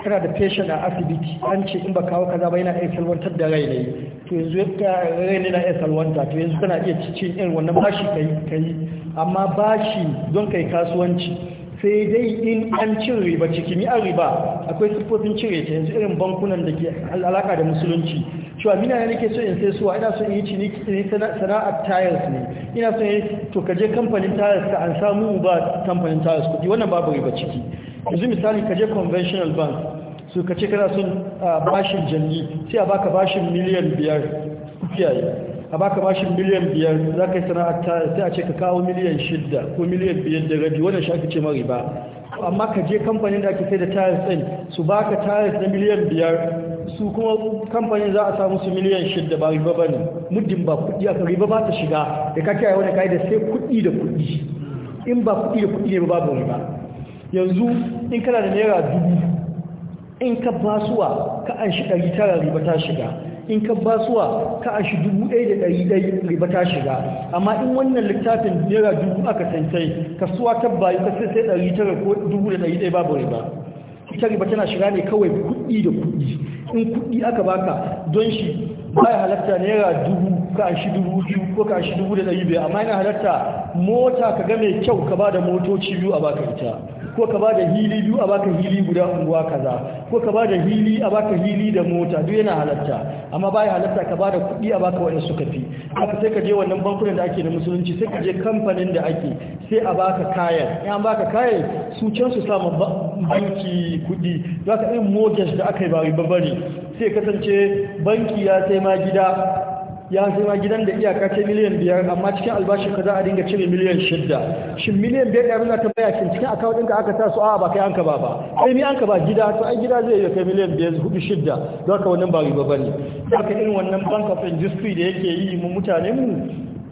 kana da patient a asibiti an ce in ba kawo kaza ba yana iya salwantar da rai ne to yanzu rai ne na iya salwanta to yanzu kana iya cin irin wannan bashi kai amma bashi don kai kasuwanci sai dai in an cin riba ni an riba akwai siffofin cire ta yanzu irin bankunan da ke alaka da musulunci cewa mina ne nake so in sai suwa ina so in yi ciniki ne sana'ar tires ne ina so yi to ka kamfanin tires ka an samu ba kamfanin tires kudi wannan babu riba ciki yanzu misali ka je conventional bank su ka ce kana son ah, bashin janni sai a baka bashin miliyan biyar kiyaye a baka bashin miliyan biyar za ka yi sana'ar sai a ce ka kawo miliyan shidda ko miliyan biyar da rabi wannan shafi ce riba amma ka je kamfanin da ake sai da tiles ɗin su baka tiles na miliyan biyar su kuma kamfanin za a samu su miliyan shidda ba riba ba ne muddin ba kuɗi aka riba ba ta shiga da ka kiyaye wani da sai kuɗi da kuɗi in ba kuɗi da kuɗi ne ba babu riba yanzu in kana da naira dubu in ka basuwa ka an shi ɗari tara riba ta shiga in ka basuwa ka a shi dubu ɗaya da ɗari ɗaya riba ta shiga amma in wannan littafin naira dubu aka santai kasuwa ta bayu ka sai sai ɗari tara ko dubu da ɗari ɗaya babu riba ita riba tana shiga ne kawai kuɗi da kuɗi in kuɗi aka baka don shi baya halatta naira dubu ka a shi dubu biyu ko ka a shi dubu da ɗari biyu amma yana halatta mota ka ga mai kyau ka ba da motoci biyu a baka ita ko ka ba da hili biyu a baka hili guda unguwa kaza ko ka ba da hili a baka hili da mota duk yana halatta amma bai halatta ka ba da kuɗi a baka wani suka fi haka sai ka je wannan bankunan da ake na musulunci sai ka je kamfanin da ake sai a baka kayan in an baka kayan su can su samu banki kuɗi za ka yi mortgage da aka yi ba bari sai kasance banki ya sai ma gida ya zama gidan da iyaka ce miliyan biyar amma cikin albashin ka za a dinga cire miliyan shidda shin miliyan biyar ɗari na baya shin cikin akawun ɗinka aka sa su a ba kai an ka ba ba kai ni an ka ba gida to ai gida zai iya kai miliyan biyar hudu shidda don ka wannan ba riba ba ne haka irin wannan bank of industry da yake yi mu mutane mu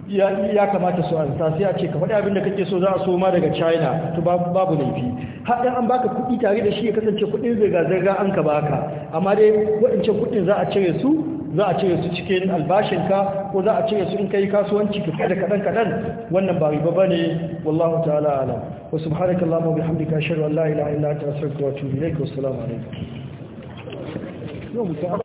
ya kamata su ansa sai a ce ka faɗi abin da kake so za a so ma daga china to babu laifi haɗin an baka kuɗi tare da shi ya kasance kuɗin zirga-zirga an ka baka amma dai waɗancan kuɗin za a cire su za a cire su cikin albashinka ko za a cire su in kai kasuwanci kai da kadan kadan wannan ba riba bane wallahu ta'ala alam wa subhanakallahumma wa bihamdika ashhadu an la ilaha illa anta astaghfiruka wa atubu ilaik wa assalamu alaikum